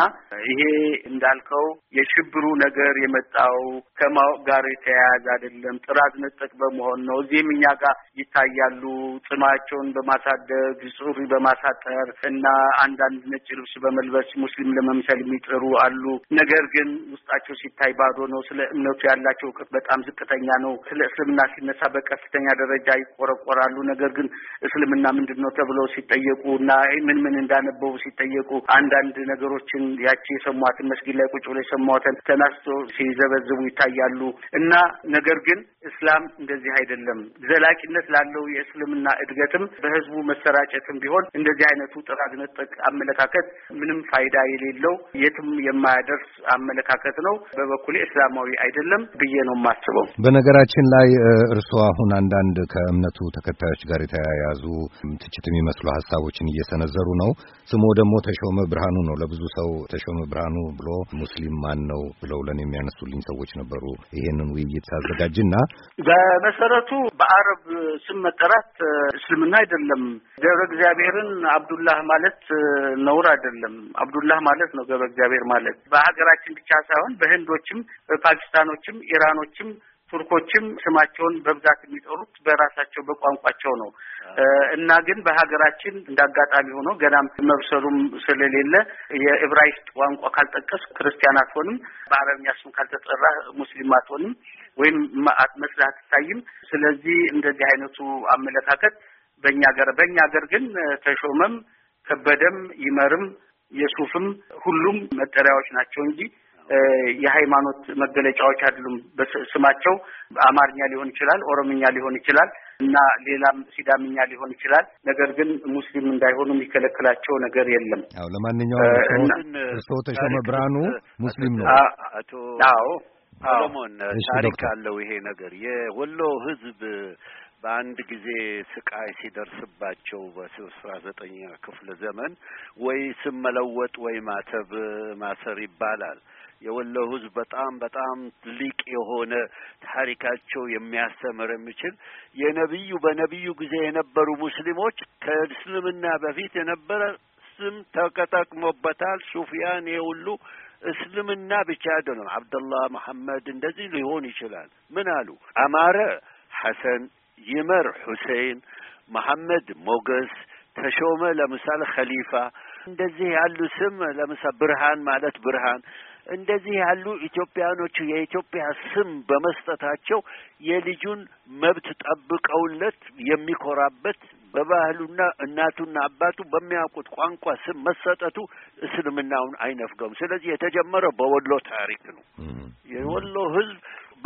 ይሄ እንዳልከው የሽብሩ ነገር የመጣው ከማወቅ ጋር የተያያዘ አይደለም። ጥራዝ ነጠቅ በመሆን ነው። እዚህም እኛ ጋር ይታያሉ። ጽማቸውን በማሳደግ ሱሪ በማሳጠር እና አንዳንድ ነጭ ልብስ በመልበስ ሙስሊም ለመምሰል የሚጥሩ አሉ። ነገር ግን ግን ውስጣቸው ሲታይ ባዶ ነው። ስለ እምነቱ ያላቸው እውቀት በጣም ዝቅተኛ ነው። ስለ እስልምና ሲነሳ በከፍተኛ ደረጃ ይቆረቆራሉ። ነገር ግን እስልምና ምንድን ነው ተብለው ሲጠየቁ እና ምን ምን እንዳነበቡ ሲጠየቁ አንዳንድ ነገሮችን ያቺ የሰሟትን መስጊድ ላይ ቁጭ ብሎ የሰሟትን ተናስቶ ሲዘበዝቡ ይታያሉ እና ነገር ግን እስላም እንደዚህ አይደለም። ዘላቂነት ላለው የእስልምና እድገትም በህዝቡ መሰራጨትም ቢሆን እንደዚህ አይነቱ ጥራዝ ነጠቅ አመለካከት ምንም ፋይዳ የሌለው የትም የማያደርስ አመለካከት ነው። በበኩሌ እስላማዊ አይደለም ብዬ ነው የማስበው። በነገራችን ላይ እርስዎ አሁን አንዳንድ ከእምነቱ ተከታዮች ጋር የተያያዙ ትችት የሚመስሉ ሀሳቦችን እየሰነዘሩ ነው። ስሙ ደግሞ ተሾመ ብርሃኑ ነው። ለብዙ ሰው ተሾመ ብርሃኑ ብሎ ሙስሊም ማን ነው ብለው ለእኔ የሚያነሱልኝ ሰዎች ነበሩ። ይሄንን ውይይት ሳዘጋጅና በመሰረቱ በአረብ ስም መጠራት እስልምና አይደለም። ገብረ እግዚአብሔርን አብዱላህ ማለት ነውር አይደለም። አብዱላህ ማለት ነው ገብረ እግዚአብሔር ማለት በሀገራችን ብቻ ሳይሆን በህንዶችም፣ በፓኪስታኖችም፣ ኢራኖችም ቱርኮችም ስማቸውን በብዛት የሚጠሩት በራሳቸው በቋንቋቸው ነው እና ግን በሀገራችን እንደ አጋጣሚ ሆኖ ገናም መብሰሉም ስለሌለ የዕብራይስጥ ቋንቋ ካልጠቀስ ክርስቲያን አትሆንም፣ በአረብኛ ስም ካልተጠራ ሙስሊም አትሆንም ወይም መስለህ አትታይም። ስለዚህ እንደዚህ አይነቱ አመለካከት በእኛ ሀገር በእኛ ሀገር ግን ተሾመም፣ ከበደም፣ ይመርም፣ የሱፍም ሁሉም መጠሪያዎች ናቸው እንጂ የሃይማኖት መገለጫዎች አይደሉም። ስማቸው አማርኛ ሊሆን ይችላል፣ ኦሮምኛ ሊሆን ይችላል እና ሌላም ሲዳምኛ ሊሆን ይችላል። ነገር ግን ሙስሊም እንዳይሆኑ የሚከለክላቸው ነገር የለም። አዎ፣ ለማንኛውም እርስዎ ተሾመ ብርሃኑ ሙስሊም ነው። አቶ አዎ፣ ሰሎሞን ታሪክ አለው ይሄ ነገር የወሎ ህዝብ በአንድ ጊዜ ስቃይ ሲደርስባቸው በአስራ ዘጠኛ ክፍለ ዘመን ወይ ስም መለወጥ ወይ ማተብ ማሰር ይባላል። የወሎ ህዝብ በጣም በጣም ሊቅ የሆነ ታሪካቸው የሚያስተምር የሚችል የነቢዩ በነቢዩ ጊዜ የነበሩ ሙስሊሞች ከእስልምና በፊት የነበረ ስም ተቀጠቅሞበታል። ሱፊያን የሁሉ እስልምና ብቻ አይደለም። አብደላህ መሐመድ እንደዚህ ሊሆን ይችላል። ምን አሉ? አማረ ሐሰን፣ ይመር ሁሴን፣ መሐመድ ሞገስ፣ ተሾመ ለምሳሌ ኸሊፋ እንደዚህ ያሉ ስም ለምሳሌ ብርሃን ማለት ብርሃን እንደዚህ ያሉ ኢትዮጵያኖቹ የኢትዮጵያ ስም በመስጠታቸው የልጁን መብት ጠብቀውለት የሚኮራበት በባህሉና እናቱና አባቱ በሚያውቁት ቋንቋ ስም መሰጠቱ እስልምናውን አይነፍገውም። ስለዚህ የተጀመረ በወሎ ታሪክ ነው። የወሎ ህዝብ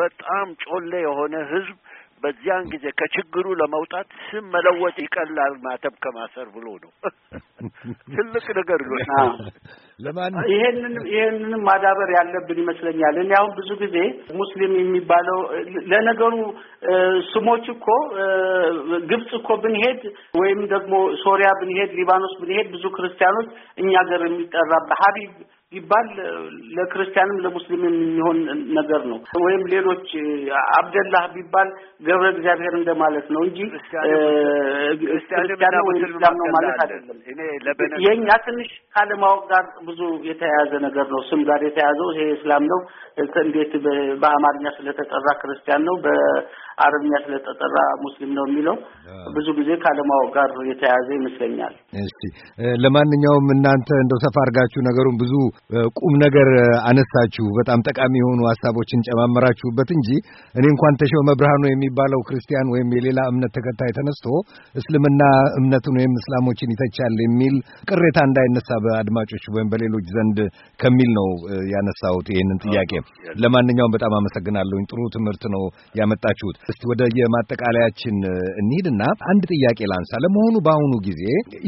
በጣም ጮሌ የሆነ ህዝብ በዚያን ጊዜ ከችግሩ ለመውጣት ስም መለወጥ ይቀላል ማተብ ከማሰር ብሎ ነው። ትልቅ ነገር ነው። ይሄንን ይሄንንም ማዳበር ያለብን ይመስለኛል። እኔ አሁን ብዙ ጊዜ ሙስሊም የሚባለው ለነገሩ ስሞች እኮ ግብጽ እኮ ብንሄድ ወይም ደግሞ ሶሪያ ብንሄድ፣ ሊባኖስ ብንሄድ ብዙ ክርስቲያኖች እኛ ገር የሚጠራ በሀቢብ ቢባል ለክርስቲያንም ለሙስሊምም የሚሆን ነገር ነው። ወይም ሌሎች አብደላህ ቢባል ገብረ እግዚአብሔር እንደማለት ነው እንጂ ክርስቲያን ወይም እስላም ነው ማለት አይደለም። የእኛ ትንሽ ካለማወቅ ጋር ብዙ የተያያዘ ነገር ነው። ስም ጋር የተያያዘው ይሄ እስላም ነው እንዴት በአማርኛ ስለተጠራ ክርስቲያን ነው አረብኛ ስለተጠራ ሙስሊም ነው የሚለው ብዙ ጊዜ ከአለማወቅ ጋር የተያያዘ ይመስለኛል። እሺ፣ ለማንኛውም እናንተ እንደው ሰፋ አድርጋችሁ ነገሩን ብዙ ቁም ነገር አነሳችሁ፣ በጣም ጠቃሚ የሆኑ ሀሳቦችን ጨማመራችሁበት እንጂ እኔ እንኳን ተሾመ ብርሃኑ የሚባለው ክርስቲያን ወይም የሌላ እምነት ተከታይ ተነስቶ እስልምና እምነትን ወይም እስላሞችን ይተቻል የሚል ቅሬታ እንዳይነሳ በአድማጮች ወይም በሌሎች ዘንድ ከሚል ነው ያነሳሁት ይህንን ጥያቄ። ለማንኛውም በጣም አመሰግናለሁኝ። ጥሩ ትምህርት ነው ያመጣችሁት። እስቲ ወደ የማጠቃለያችን እንሂድና አንድ ጥያቄ ላንሳ። ለመሆኑ በአሁኑ ጊዜ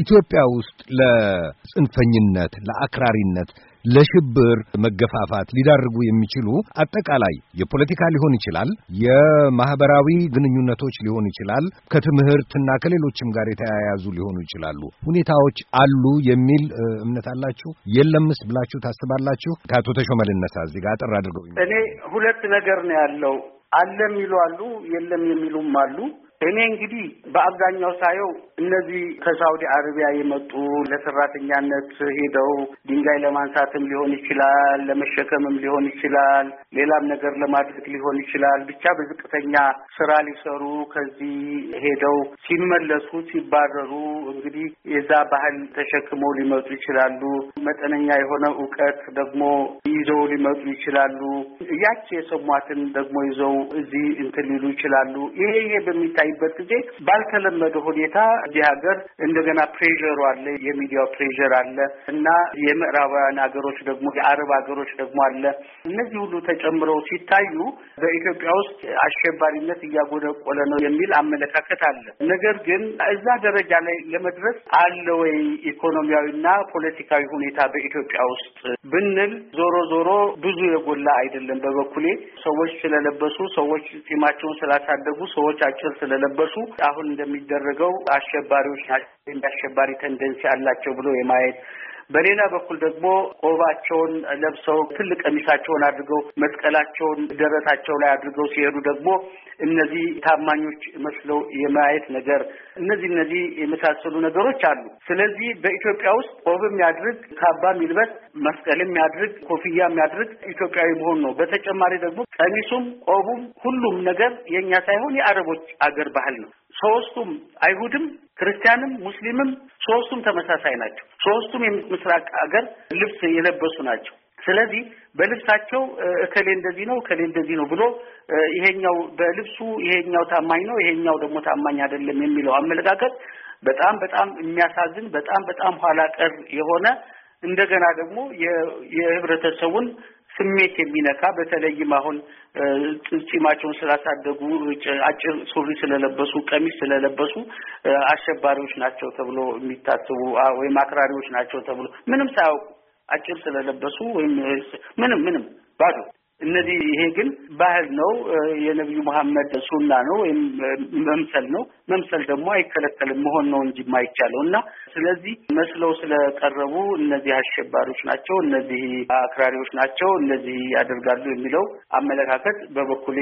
ኢትዮጵያ ውስጥ ለጽንፈኝነት፣ ለአክራሪነት፣ ለሽብር መገፋፋት ሊዳርጉ የሚችሉ አጠቃላይ የፖለቲካ ሊሆን ይችላል፣ የማህበራዊ ግንኙነቶች ሊሆን ይችላል፣ ከትምህርትና ከሌሎችም ጋር የተያያዙ ሊሆኑ ይችላሉ ሁኔታዎች አሉ የሚል እምነት አላችሁ? የለምስ ብላችሁ ታስባላችሁ? ከአቶ ተሾመ ልነሳ እዚህ ጋር አጠር አድርገው። እኔ ሁለት ነገር ነው ያለው አለ የሚሉ አሉ፣ የለም የሚሉም አሉ። እኔ እንግዲህ በአብዛኛው ሳየው እነዚህ ከሳውዲ አረቢያ የመጡ ለሰራተኛነት ሄደው ድንጋይ ለማንሳትም ሊሆን ይችላል፣ ለመሸከምም ሊሆን ይችላል፣ ሌላም ነገር ለማድረግ ሊሆን ይችላል። ብቻ በዝቅተኛ ስራ ሊሰሩ ከዚህ ሄደው ሲመለሱ ሲባረሩ እንግዲህ የዛ ባህል ተሸክሞ ሊመጡ ይችላሉ። መጠነኛ የሆነ እውቀት ደግሞ ይዘው ሊመጡ ይችላሉ። ያች የሰሟትን ደግሞ ይዘው እዚህ እንትን ሊሉ ይችላሉ። ይሄ ይሄ በሚታይበት ጊዜ ባልተለመደ ሁኔታ እዚህ ሀገር እንደገና ፕሬሩ አለ፣ የሚዲያው ፕሬር አለ እና የምዕራባውያን ሀገሮች ደግሞ የአረብ ሀገሮች ደግሞ አለ። እነዚህ ሁሉ ተጨምረው ሲታዩ በኢትዮጵያ ውስጥ አሸባሪነት እያጎደቆለ ነው የሚል አመለካከት አለ። ነገር ግን እዛ ደረጃ ላይ ለመድረስ አለ ወይ ኢኮኖሚያዊና ፖለቲካዊ ሁኔታ በኢትዮጵያ ውስጥ ብንል ዞሮ ዞሮ ብዙ የጎላ አይደለም። በበኩሌ ሰዎች ስለለበሱ፣ ሰዎች ጢማቸውን ስላሳደጉ፣ ሰዎች አጭር ስለለበሱ አሁን እንደሚደረገው አሸ አሸባሪዎች ናቸው፣ እንደ አሸባሪ ተንደንሲ አላቸው ብሎ የማየት በሌላ በኩል ደግሞ ቆባቸውን ለብሰው ትልቅ ቀሚሳቸውን አድርገው መስቀላቸውን ደረታቸው ላይ አድርገው ሲሄዱ ደግሞ እነዚህ ታማኞች መስለው የማየት ነገር እነዚህ እነዚህ የመሳሰሉ ነገሮች አሉ። ስለዚህ በኢትዮጵያ ውስጥ ቆብም ያድርግ፣ ካባም ይልበስ፣ መስቀልም ያድርግ፣ ኮፍያም ያድርግ ኢትዮጵያዊ መሆን ነው። በተጨማሪ ደግሞ ቀሚሱም፣ ቆቡም ሁሉም ነገር የእኛ ሳይሆን የአረቦች አገር ባህል ነው። ሶስቱም አይሁድም ክርስቲያንም ሙስሊምም ሶስቱም ተመሳሳይ ናቸው። ሶስቱም የምስራቅ ሀገር ልብስ የለበሱ ናቸው። ስለዚህ በልብሳቸው እከሌ እንደዚህ ነው እከሌ እንደዚህ ነው ብሎ ይሄኛው በልብሱ ይሄኛው ታማኝ ነው ይሄኛው ደግሞ ታማኝ አይደለም የሚለው አመለጋገጥ በጣም በጣም የሚያሳዝን በጣም በጣም ኋላ ቀር የሆነ እንደገና ደግሞ የህብረተሰቡን ስሜት የሚነካ በተለይም አሁን ጺማቸውን ስላሳደጉ፣ አጭር ሱሪ ስለለበሱ፣ ቀሚስ ስለለበሱ አሸባሪዎች ናቸው ተብሎ የሚታስቡ ወይም አክራሪዎች ናቸው ተብሎ ምንም ሳያውቁ አጭር ስለለበሱ ወይም ምንም ምንም ባዶ እነዚህ ይሄ ግን ባህል ነው፣ የነቢዩ መሐመድ ሱና ነው ወይም መምሰል ነው። መምሰል ደግሞ አይከለከልም፣ መሆን ነው እንጂ የማይቻለው እና ስለዚህ መስለው ስለቀረቡ እነዚህ አሸባሪዎች ናቸው፣ እነዚህ አክራሪዎች ናቸው፣ እነዚህ ያደርጋሉ የሚለው አመለካከት በበኩሌ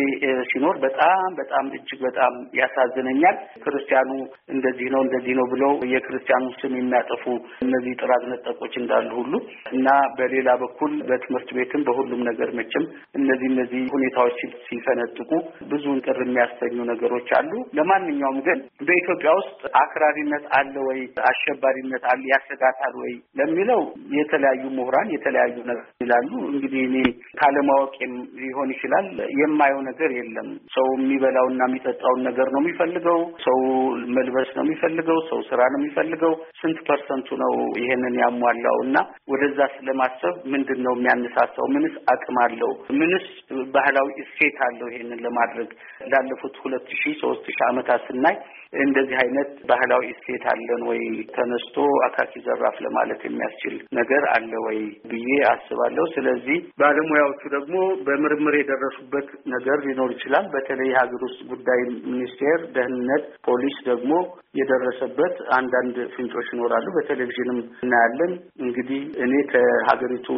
ሲኖር በጣም በጣም እጅግ በጣም ያሳዝነኛል። ክርስቲያኑ እንደዚህ ነው እንደዚህ ነው ብለው የክርስቲያኑ ስም የሚያጠፉ እነዚህ ጥራት ነጠቆች እንዳሉ ሁሉ እና በሌላ በኩል በትምህርት ቤትም በሁሉም ነገር መቼም እነዚህ እነዚህ ሁኔታዎች ሲፈነጥቁ ብዙውን ቅር የሚያሰኙ ነገሮች አሉ። ለማንኛውም ግን በኢትዮጵያ ውስጥ አክራሪነት አለ ወይ፣ አሸባሪነት አለ፣ ያሰጋታል ወይ ለሚለው የተለያዩ ምሁራን የተለያዩ ነገር ይላሉ። እንግዲህ እኔ ካለማወቅ ሊሆን ይችላል። የማየው ነገር የለም። ሰው የሚበላውና የሚጠጣውን ነገር ነው የሚፈልገው። ሰው መልበስ ነው የሚፈልገው። ሰው ስራ ነው የሚፈልገው። ስንት ፐርሰንቱ ነው ይሄንን ያሟላው? እና ወደዛ ስለማሰብ ምንድን ነው የሚያነሳሳው? ምንስ አቅም አለው ምንስ ባህላዊ እሴት አለው ይሄንን ለማድረግ? ላለፉት ሁለት ሺ ሶስት ሺ ዓመታት ስናይ እንደዚህ አይነት ባህላዊ እሴት አለን ወይ ተነስቶ አካኪ ዘራፍ ለማለት የሚያስችል ነገር አለ ወይ ብዬ አስባለሁ። ስለዚህ ባለሙያዎቹ ደግሞ በምርምር የደረሱበት ነገር ሊኖር ይችላል። በተለይ የሀገር ውስጥ ጉዳይ ሚኒስቴር፣ ደህንነት፣ ፖሊስ ደግሞ የደረሰበት አንዳንድ ፍንጮች ይኖራሉ። በቴሌቪዥንም እናያለን። እንግዲህ እኔ ከሀገሪቱ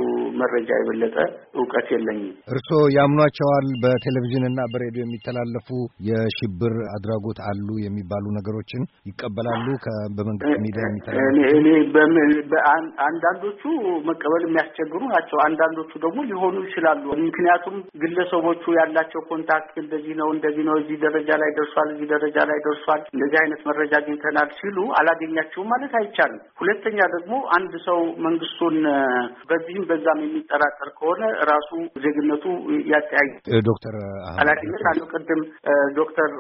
መረጃ የበለጠ እውቀት የለኝም። እርስዎ ያምኗቸዋል? በቴሌቪዥንና በሬዲዮ የሚተላለፉ የሽብር አድራጎት አሉ የሚባሉ ነገሮችን ይቀበላሉ? በመንግስት ሚዲያ አንዳንዶቹ መቀበል የሚያስቸግሩ ናቸው። አንዳንዶቹ ደግሞ ሊሆኑ ይችላሉ። ምክንያቱም ግለሰቦቹ ያላቸው ኮንታክት እንደዚህ ነው እንደዚህ ነው፣ እዚህ ደረጃ ላይ ደርሷል፣ እዚህ ደረጃ ላይ ደርሷል፣ እንደዚህ አይነት መረጃ አግኝተናል ሲሉ አላገኛቸውም ማለት አይቻልም። ሁለተኛ ደግሞ አንድ ሰው መንግስቱን በዚህም በዛም የሚጠራጠር ከሆነ ራሱ ዜግነት ኃላፊነቱ ያጠያይ ዶክተር ኃላፊነት አለው። ቅድም ዶክተር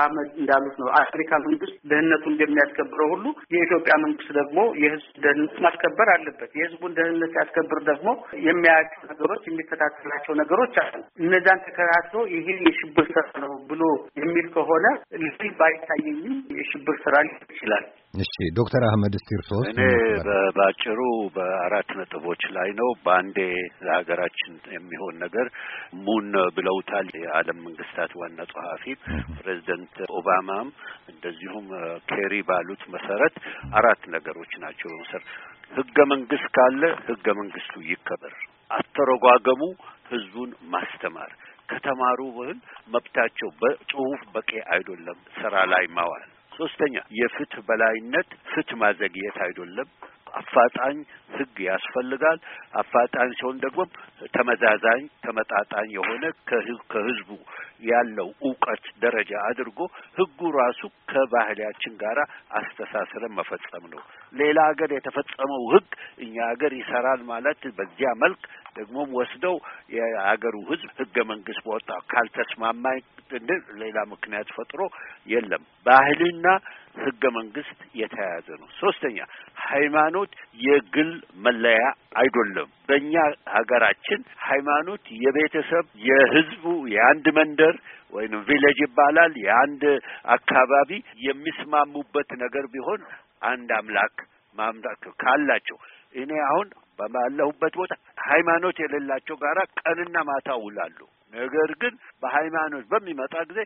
አህመድ እንዳሉት ነው አሜሪካ መንግስት ደህንነቱ እንደሚያስከብረው ሁሉ የኢትዮጵያ መንግስት ደግሞ የህዝብ ደህንነት ማስከበር አለበት። የህዝቡን ደህንነት ሲያስከብር ደግሞ የሚያያቸው ነገሮች የሚከታተላቸው ነገሮች አሉ። እነዛን ተከታትሎ ይሄ የሽብር ስራ ነው ብሎ የሚል ከሆነ ልል ባይታየኝም የሽብር ስራ ሊሆን ይችላል። እሺ ዶክተር አህመድ ስቲር ሶስት እኔ በአጭሩ በአራት ነጥቦች ላይ ነው። በአንዴ ለሀገራችን የሚሆን ነገር ሙን ብለውታል የዓለም መንግስታት ዋና ጸሐፊ ፕሬዚደንት ኦባማም እንደዚሁም ኬሪ ባሉት መሰረት አራት ነገሮች ናቸው። መሰር ህገ መንግስት ካለ ህገ መንግስቱ ይከበር፣ አስተረጓገሙ ህዝቡን ማስተማር ከተማሩ ብህል መብታቸው በጽሁፍ በቂ አይደለም፣ ስራ ላይ ማዋል ሶስተኛ የፍትህ በላይነት ፍትህ ማዘግየት አይደለም። አፋጣኝ ህግ ያስፈልጋል። አፋጣኝ ሲሆን ደግሞ ተመዛዛኝ፣ ተመጣጣኝ የሆነ ከህዝቡ ያለው እውቀት ደረጃ አድርጎ ህጉ ራሱ ከባህላችን ጋር አስተሳስረን መፈጸም ነው። ሌላ ሀገር የተፈጸመው ህግ እኛ ሀገር ይሰራል ማለት በዚያ መልክ ደግሞም ወስደው የሀገሩ ህዝብ ህገ መንግስት በወጣ ካልተስማማኝ ሌላ ምክንያት ፈጥሮ የለም። ባህልና ህገ መንግስት የተያያዘ ነው። ሶስተኛ ሃይማኖት የግል መለያ አይደለም። በእኛ ሀገራችን ሃይማኖት የቤተሰብ የህዝቡ፣ የአንድ መንደር ወይም ቪሌጅ ይባላል የአንድ አካባቢ የሚስማሙበት ነገር ቢሆን አንድ አምላክ ማምላክ ካላቸው እኔ አሁን ባለሁበት ቦታ ሃይማኖት የሌላቸው ጋራ ቀንና ማታ ውላሉ። ነገር ግን በሃይማኖት በሚመጣ ጊዜ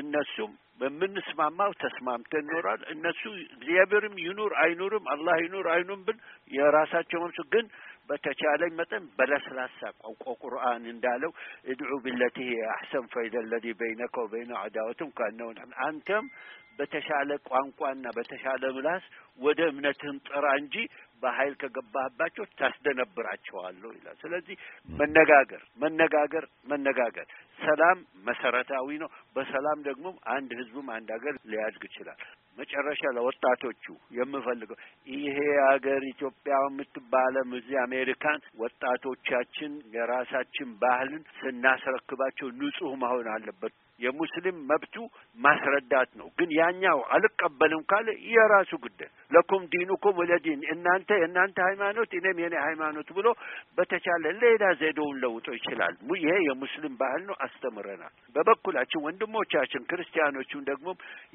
እነሱም በምንስማማው ተስማምተን ይኖራል። እነሱ እግዚአብሔርም ይኑር አይኑርም፣ አላህ ይኑር አይኑም ብን የራሳቸው መምሱ ግን በተቻለኝ መጠን በለስላሳ ቋንቋ ቁርአን እንዳለው እድዑ ብለቲ አሕሰን ፈይደ ለዚ በይነከ ወበይነ ዐዳወትም ካነውን አንተም በተሻለ ቋንቋና በተሻለ ምላስ ወደ እምነትህም ጥራ እንጂ በኃይል ከገባህባቸው ታስደነብራቸዋለሁ ይላል። ስለዚህ መነጋገር መነጋገር መነጋገር ሰላም መሰረታዊ ነው። በሰላም ደግሞ አንድ ህዝቡም አንድ ሀገር ሊያድግ ይችላል። መጨረሻ ለወጣቶቹ የምፈልገው ይሄ ሀገር ኢትዮጵያ የምትባለም እዚህ አሜሪካን ወጣቶቻችን የራሳችን ባህልን ስናስረክባቸው ንጹህ መሆን አለበት። የሙስሊም መብቱ ማስረዳት ነው። ግን ያኛው አልቀበልም ካለ የራሱ ጉዳይ። ለኩም ዲኑኩም ወለዲን፣ እናንተ የእናንተ ሃይማኖት እኔም የኔ ሃይማኖት ብሎ በተቻለ ሌላ ዘዴውን ለውጦ ይችላል። ይሄ የሙስሊም ባህል ነው፣ አስተምረናል። በበኩላችን ወንድሞቻችን ክርስቲያኖቹን ደግሞ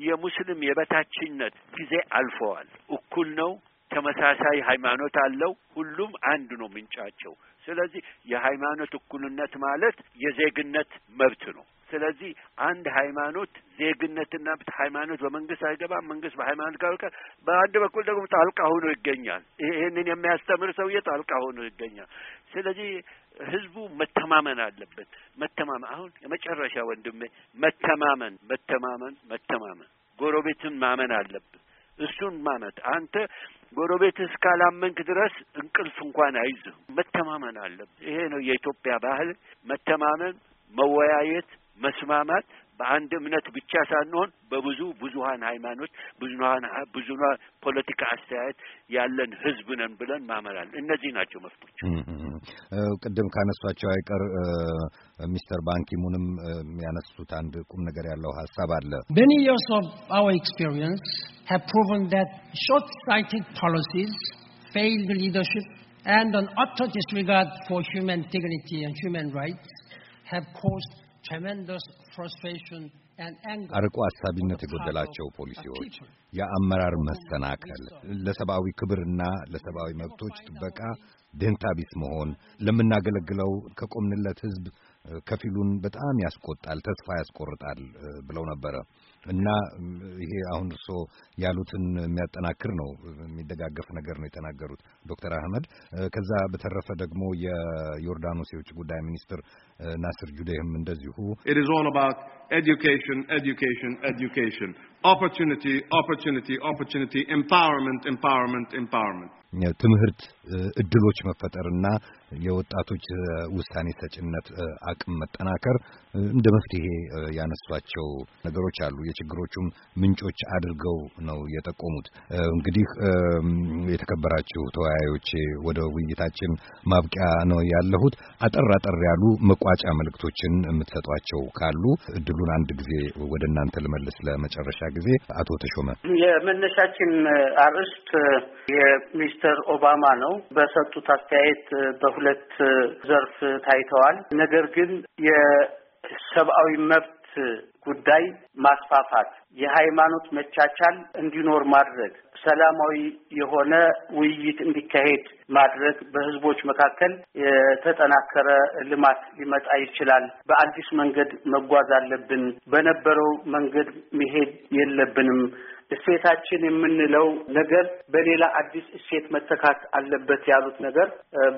የሙስሊም የበታችነት ጊዜ አልፈዋል። እኩል ነው። ተመሳሳይ ሃይማኖት አለው። ሁሉም አንድ ነው ምንጫቸው። ስለዚህ የሃይማኖት እኩልነት ማለት የዜግነት መብት ነው። ስለዚህ አንድ ሃይማኖት ዜግነትና ሃይማኖት በመንግስት አይገባም፣ መንግስት በሃይማኖት ጋር ይቀር። በአንድ በኩል ደግሞ ጣልቃ ሆኖ ይገኛል። ይህንን የሚያስተምር ሰውዬ ጣልቃ ሆኖ ይገኛል። ስለዚህ ህዝቡ መተማመን አለበት። መተማመን አሁን የመጨረሻ ወንድሜ፣ መተማመን መተማመን መተማመን ጎረቤትን ማመን አለብን። እሱን ማመት አንተ ጎረቤት እስካላመንክ ድረስ እንቅልፍ እንኳን አይዝህ። መተማመን አለብህ። ይሄ ነው የኢትዮጵያ ባህል። መተማመን፣ መወያየት፣ መስማማት በአንድ እምነት ብቻ ሳንሆን በብዙ ብዙሀን ሃይማኖት ብዙ ፖለቲካ አስተያየት ያለን ህዝብ ነን ብለን ማመራል። እነዚህ ናቸው መፍቶች። ቅድም ካነሷቸው አይቀር ሚስተር ባንኪሙንም ያነሱት አንድ ቁም ነገር ያለው ሀሳብ አለ። ሜኒ ይርስ ኦፍ አወር ኤክስፒሪየንስ ሃቭ ፕሮቨን ሳይትድ ፖሊሲስ ፌይልድ ሊደርሺፕ ኤንድ አን አተር ዲስሪጋርድ ፎር ሂውማን አርቆ አሳቢነት የጎደላቸው ፖሊሲዎች፣ የአመራር መሰናከል፣ ለሰብአዊ ክብርና ለሰብአዊ መብቶች ጥበቃ ደንታቢስ መሆን፣ ለምናገለግለው ከቆምንለት ህዝብ። ከፊሉን በጣም ያስቆጣል፣ ተስፋ ያስቆርጣል ብለው ነበረ እና ይሄ አሁን እርስዎ ያሉትን የሚያጠናክር ነው፣ የሚደጋገፍ ነገር ነው የተናገሩት ዶክተር አህመድ። ከዛ በተረፈ ደግሞ የዮርዳኖስ የውጭ ጉዳይ ሚኒስትር ናስር ጁዴህም እንደዚሁ ኢት ኢዝ ኦል አባውት ኤዱኬሽን ኤዱኬሽን ኤዱኬሽን ኦፖርቹኒቲ ኦፖርቹኒቲ ኦፖርቹኒቲ ኤምፓወርመንት ኤምፓወርመንት ኤምፓወርመንት ትምህርት፣ እድሎች መፈጠርና የወጣቶች ውሳኔ ሰጭነት አቅም መጠናከር እንደ መፍትሄ ያነሷቸው ነገሮች አሉ። የችግሮቹም ምንጮች አድርገው ነው የጠቆሙት። እንግዲህ የተከበራችሁ ተወያዮቼ ወደ ውይይታችን ማብቂያ ነው ያለሁት። አጠር አጠር ያሉ መቋጫ መልእክቶችን የምትሰጧቸው ካሉ እድሉን አንድ ጊዜ ወደ እናንተ ልመልስ። ለመጨረሻ ጊዜ አቶ ተሾመ የመነሻችን አርዕስት የሚስተር ኦባማ ነው። በሰጡት አስተያየት በሁ ሁለት ዘርፍ ታይተዋል። ነገር ግን የሰብአዊ መብት ጉዳይ ማስፋፋት፣ የሃይማኖት መቻቻል እንዲኖር ማድረግ፣ ሰላማዊ የሆነ ውይይት እንዲካሄድ ማድረግ በህዝቦች መካከል የተጠናከረ ልማት ሊመጣ ይችላል። በአዲስ መንገድ መጓዝ አለብን። በነበረው መንገድ መሄድ የለብንም እሴታችን የምንለው ነገር በሌላ አዲስ እሴት መተካት አለበት ያሉት ነገር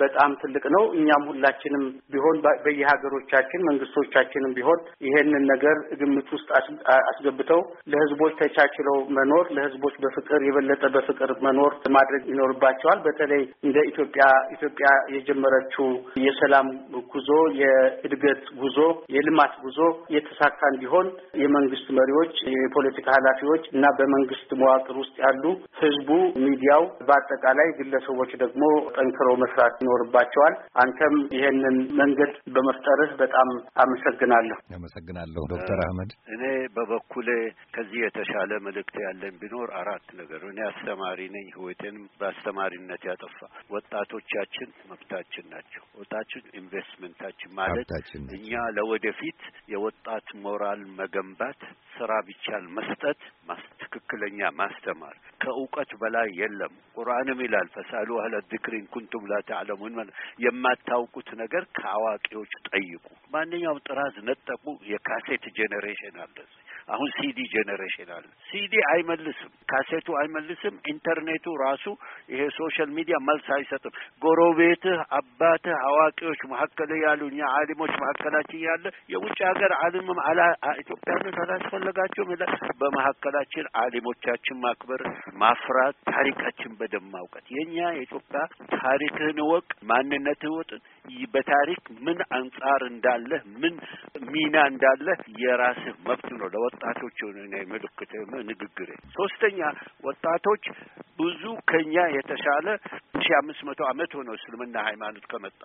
በጣም ትልቅ ነው። እኛም ሁላችንም ቢሆን በየሀገሮቻችን መንግስቶቻችንም ቢሆን ይሄንን ነገር ግምት ውስጥ አስገብተው ለህዝቦች ተቻችለው መኖር፣ ለህዝቦች በፍቅር የበለጠ በፍቅር መኖር ማድረግ ይኖርባቸዋል። በተለይ እንደ ኢትዮጵያ ኢትዮጵያ የጀመረችው የሰላም ጉዞ፣ የእድገት ጉዞ፣ የልማት ጉዞ የተሳካ እንዲሆን የመንግስት መሪዎች፣ የፖለቲካ ኃላፊዎች እና በመ በመንግስት መዋቅር ውስጥ ያሉ ህዝቡ፣ ሚዲያው፣ በአጠቃላይ ግለሰቦች ደግሞ ጠንክረው መስራት ይኖርባቸዋል። አንተም ይሄንን መንገድ በመፍጠርህ በጣም አመሰግናለሁ። አመሰግናለሁ ዶክተር አህመድ። እኔ በበኩሌ ከዚህ የተሻለ መልእክት ያለን ቢኖር አራት ነገር እኔ አስተማሪ ነኝ። ህይወቴንም በአስተማሪነት ያጠፋ ወጣቶቻችን መብታችን ናቸው። ወጣችን ኢንቨስትመንታችን ማለት እኛ ለወደፊት የወጣት ሞራል መገንባት ስራ ቢቻል መስጠት ማስትክክ ትክክለኛ ማስተማር ከእውቀት በላይ የለም። ቁርአንም ይላል ፈሳሉ አህለ ዚክሪ ኩንቱም ላ ተዕለሙን፣ የማታውቁት ነገር ከአዋቂዎች ጠይቁ። ማንኛውም ጥራዝ ነጠቁ። የካሴት ጄኔሬሽን አለ። አሁን ሲዲ ጄኔሬሽን አለ። ሲዲ አይመልስም፣ ካሴቱ አይመልስም። ኢንተርኔቱ ራሱ ይሄ ሶሻል ሚዲያ መልስ አይሰጥም። ጎረቤትህ፣ አባትህ፣ አዋቂዎች መካከል ያሉ እኛ አሊሞች መካከላችን ያለ የውጭ ሀገር አሊምም ኢትዮጵያነት አላስፈለጋቸውም ይላል በመካከላችን አሊ ሙስሊሞቻችን ማክበር፣ ማፍራት፣ ታሪካችን በደንብ ማውቀት የእኛ የኢትዮጵያ ታሪክህን እወቅ፣ ማንነትህን እወቅ፣ በታሪክ ምን አንጻር እንዳለህ ምን ሚና እንዳለህ የራስህ መብት ነው። ለወጣቶች ሆነ ምልክት ንግግር። ሶስተኛ ወጣቶች ብዙ ከኛ የተሻለ ሺ አምስት መቶ ዓመት ሆነው እስልምና ሃይማኖት ከመጣ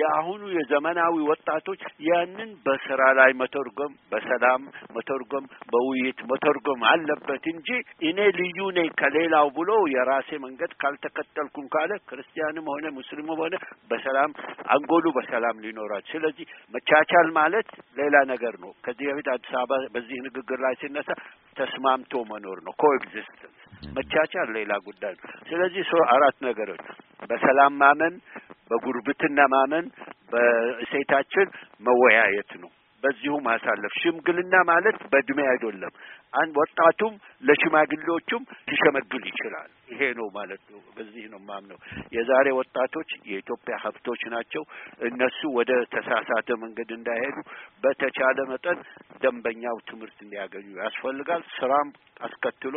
የአሁኑ የዘመናዊ ወጣቶች ያንን በስራ ላይ መተርጎም፣ በሰላም መተርጎም፣ በውይይት መተርጎም አለበት እንጂ እኔ ልዩ ነኝ ከሌላው ብሎ የራሴ መንገድ ካልተከተልኩም ካለ ክርስቲያንም ሆነ ሙስሊምም ሆነ በሰላም አንጎሉ በሰላም ሊኖራል። ስለዚህ መቻቻል ማለት ሌላ ነገር ነው። ከዚህ በፊት አዲስ አበባ በዚህ ንግግር ላይ ሲነሳ ተስማምቶ መኖር ነው፣ ኮኤግዚስተንስ። መቻቻል ሌላ ጉዳይ ነው። ስለዚህ ሰው አራት ነገሮች በሰላም ማመን፣ በጉርብትና ማመን፣ በእሴታችን መወያየት ነው። በዚሁ ማሳለፍ ሽምግልና ማለት በእድሜ አይደለም። አንድ ወጣቱም ለሽማግሌዎቹም ሊሸመግል ይችላል። ይሄ ነው ማለት ነው። በዚህ ነው ማምነው። የዛሬ ወጣቶች የኢትዮጵያ ሀብቶች ናቸው። እነሱ ወደ ተሳሳተ መንገድ እንዳይሄዱ በተቻለ መጠን ደንበኛው ትምህርት እንዲያገኙ ያስፈልጋል። ስራም አስከትሎ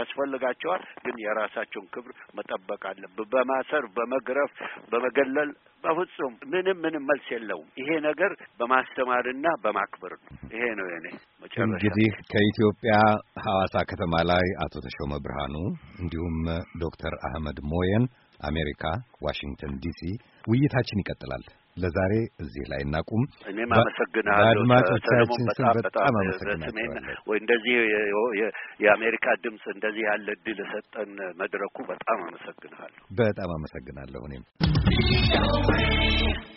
ያስፈልጋቸዋል። ግን የራሳቸውን ክብር መጠበቅ አለብ በማሰር በመግረፍ፣ በመገለል በፍጹም ምንም ምንም መልስ የለውም። ይሄ ነገር በማስተማርና በማክበር ነው። ይሄ ነው የኔ መጨረሻ። እንግዲህ ከኢትዮጵያ ኢትዮጵያ ሐዋሳ ከተማ ላይ አቶ ተሾመ ብርሃኑ እንዲሁም ዶክተር አህመድ ሞየን አሜሪካ ዋሽንግተን ዲሲ ውይይታችን ይቀጥላል። ለዛሬ እዚህ ላይ እናቁም። እኔም አመሰግናለሁ። አድማጮቻችን ስም በጣም አመሰግናለሁ። ወይ እንደዚህ የአሜሪካ ድምፅ እንደዚህ ያለ እድል ሰጠን መድረኩ በጣም አመሰግናለሁ። በጣም አመሰግናለሁ እኔም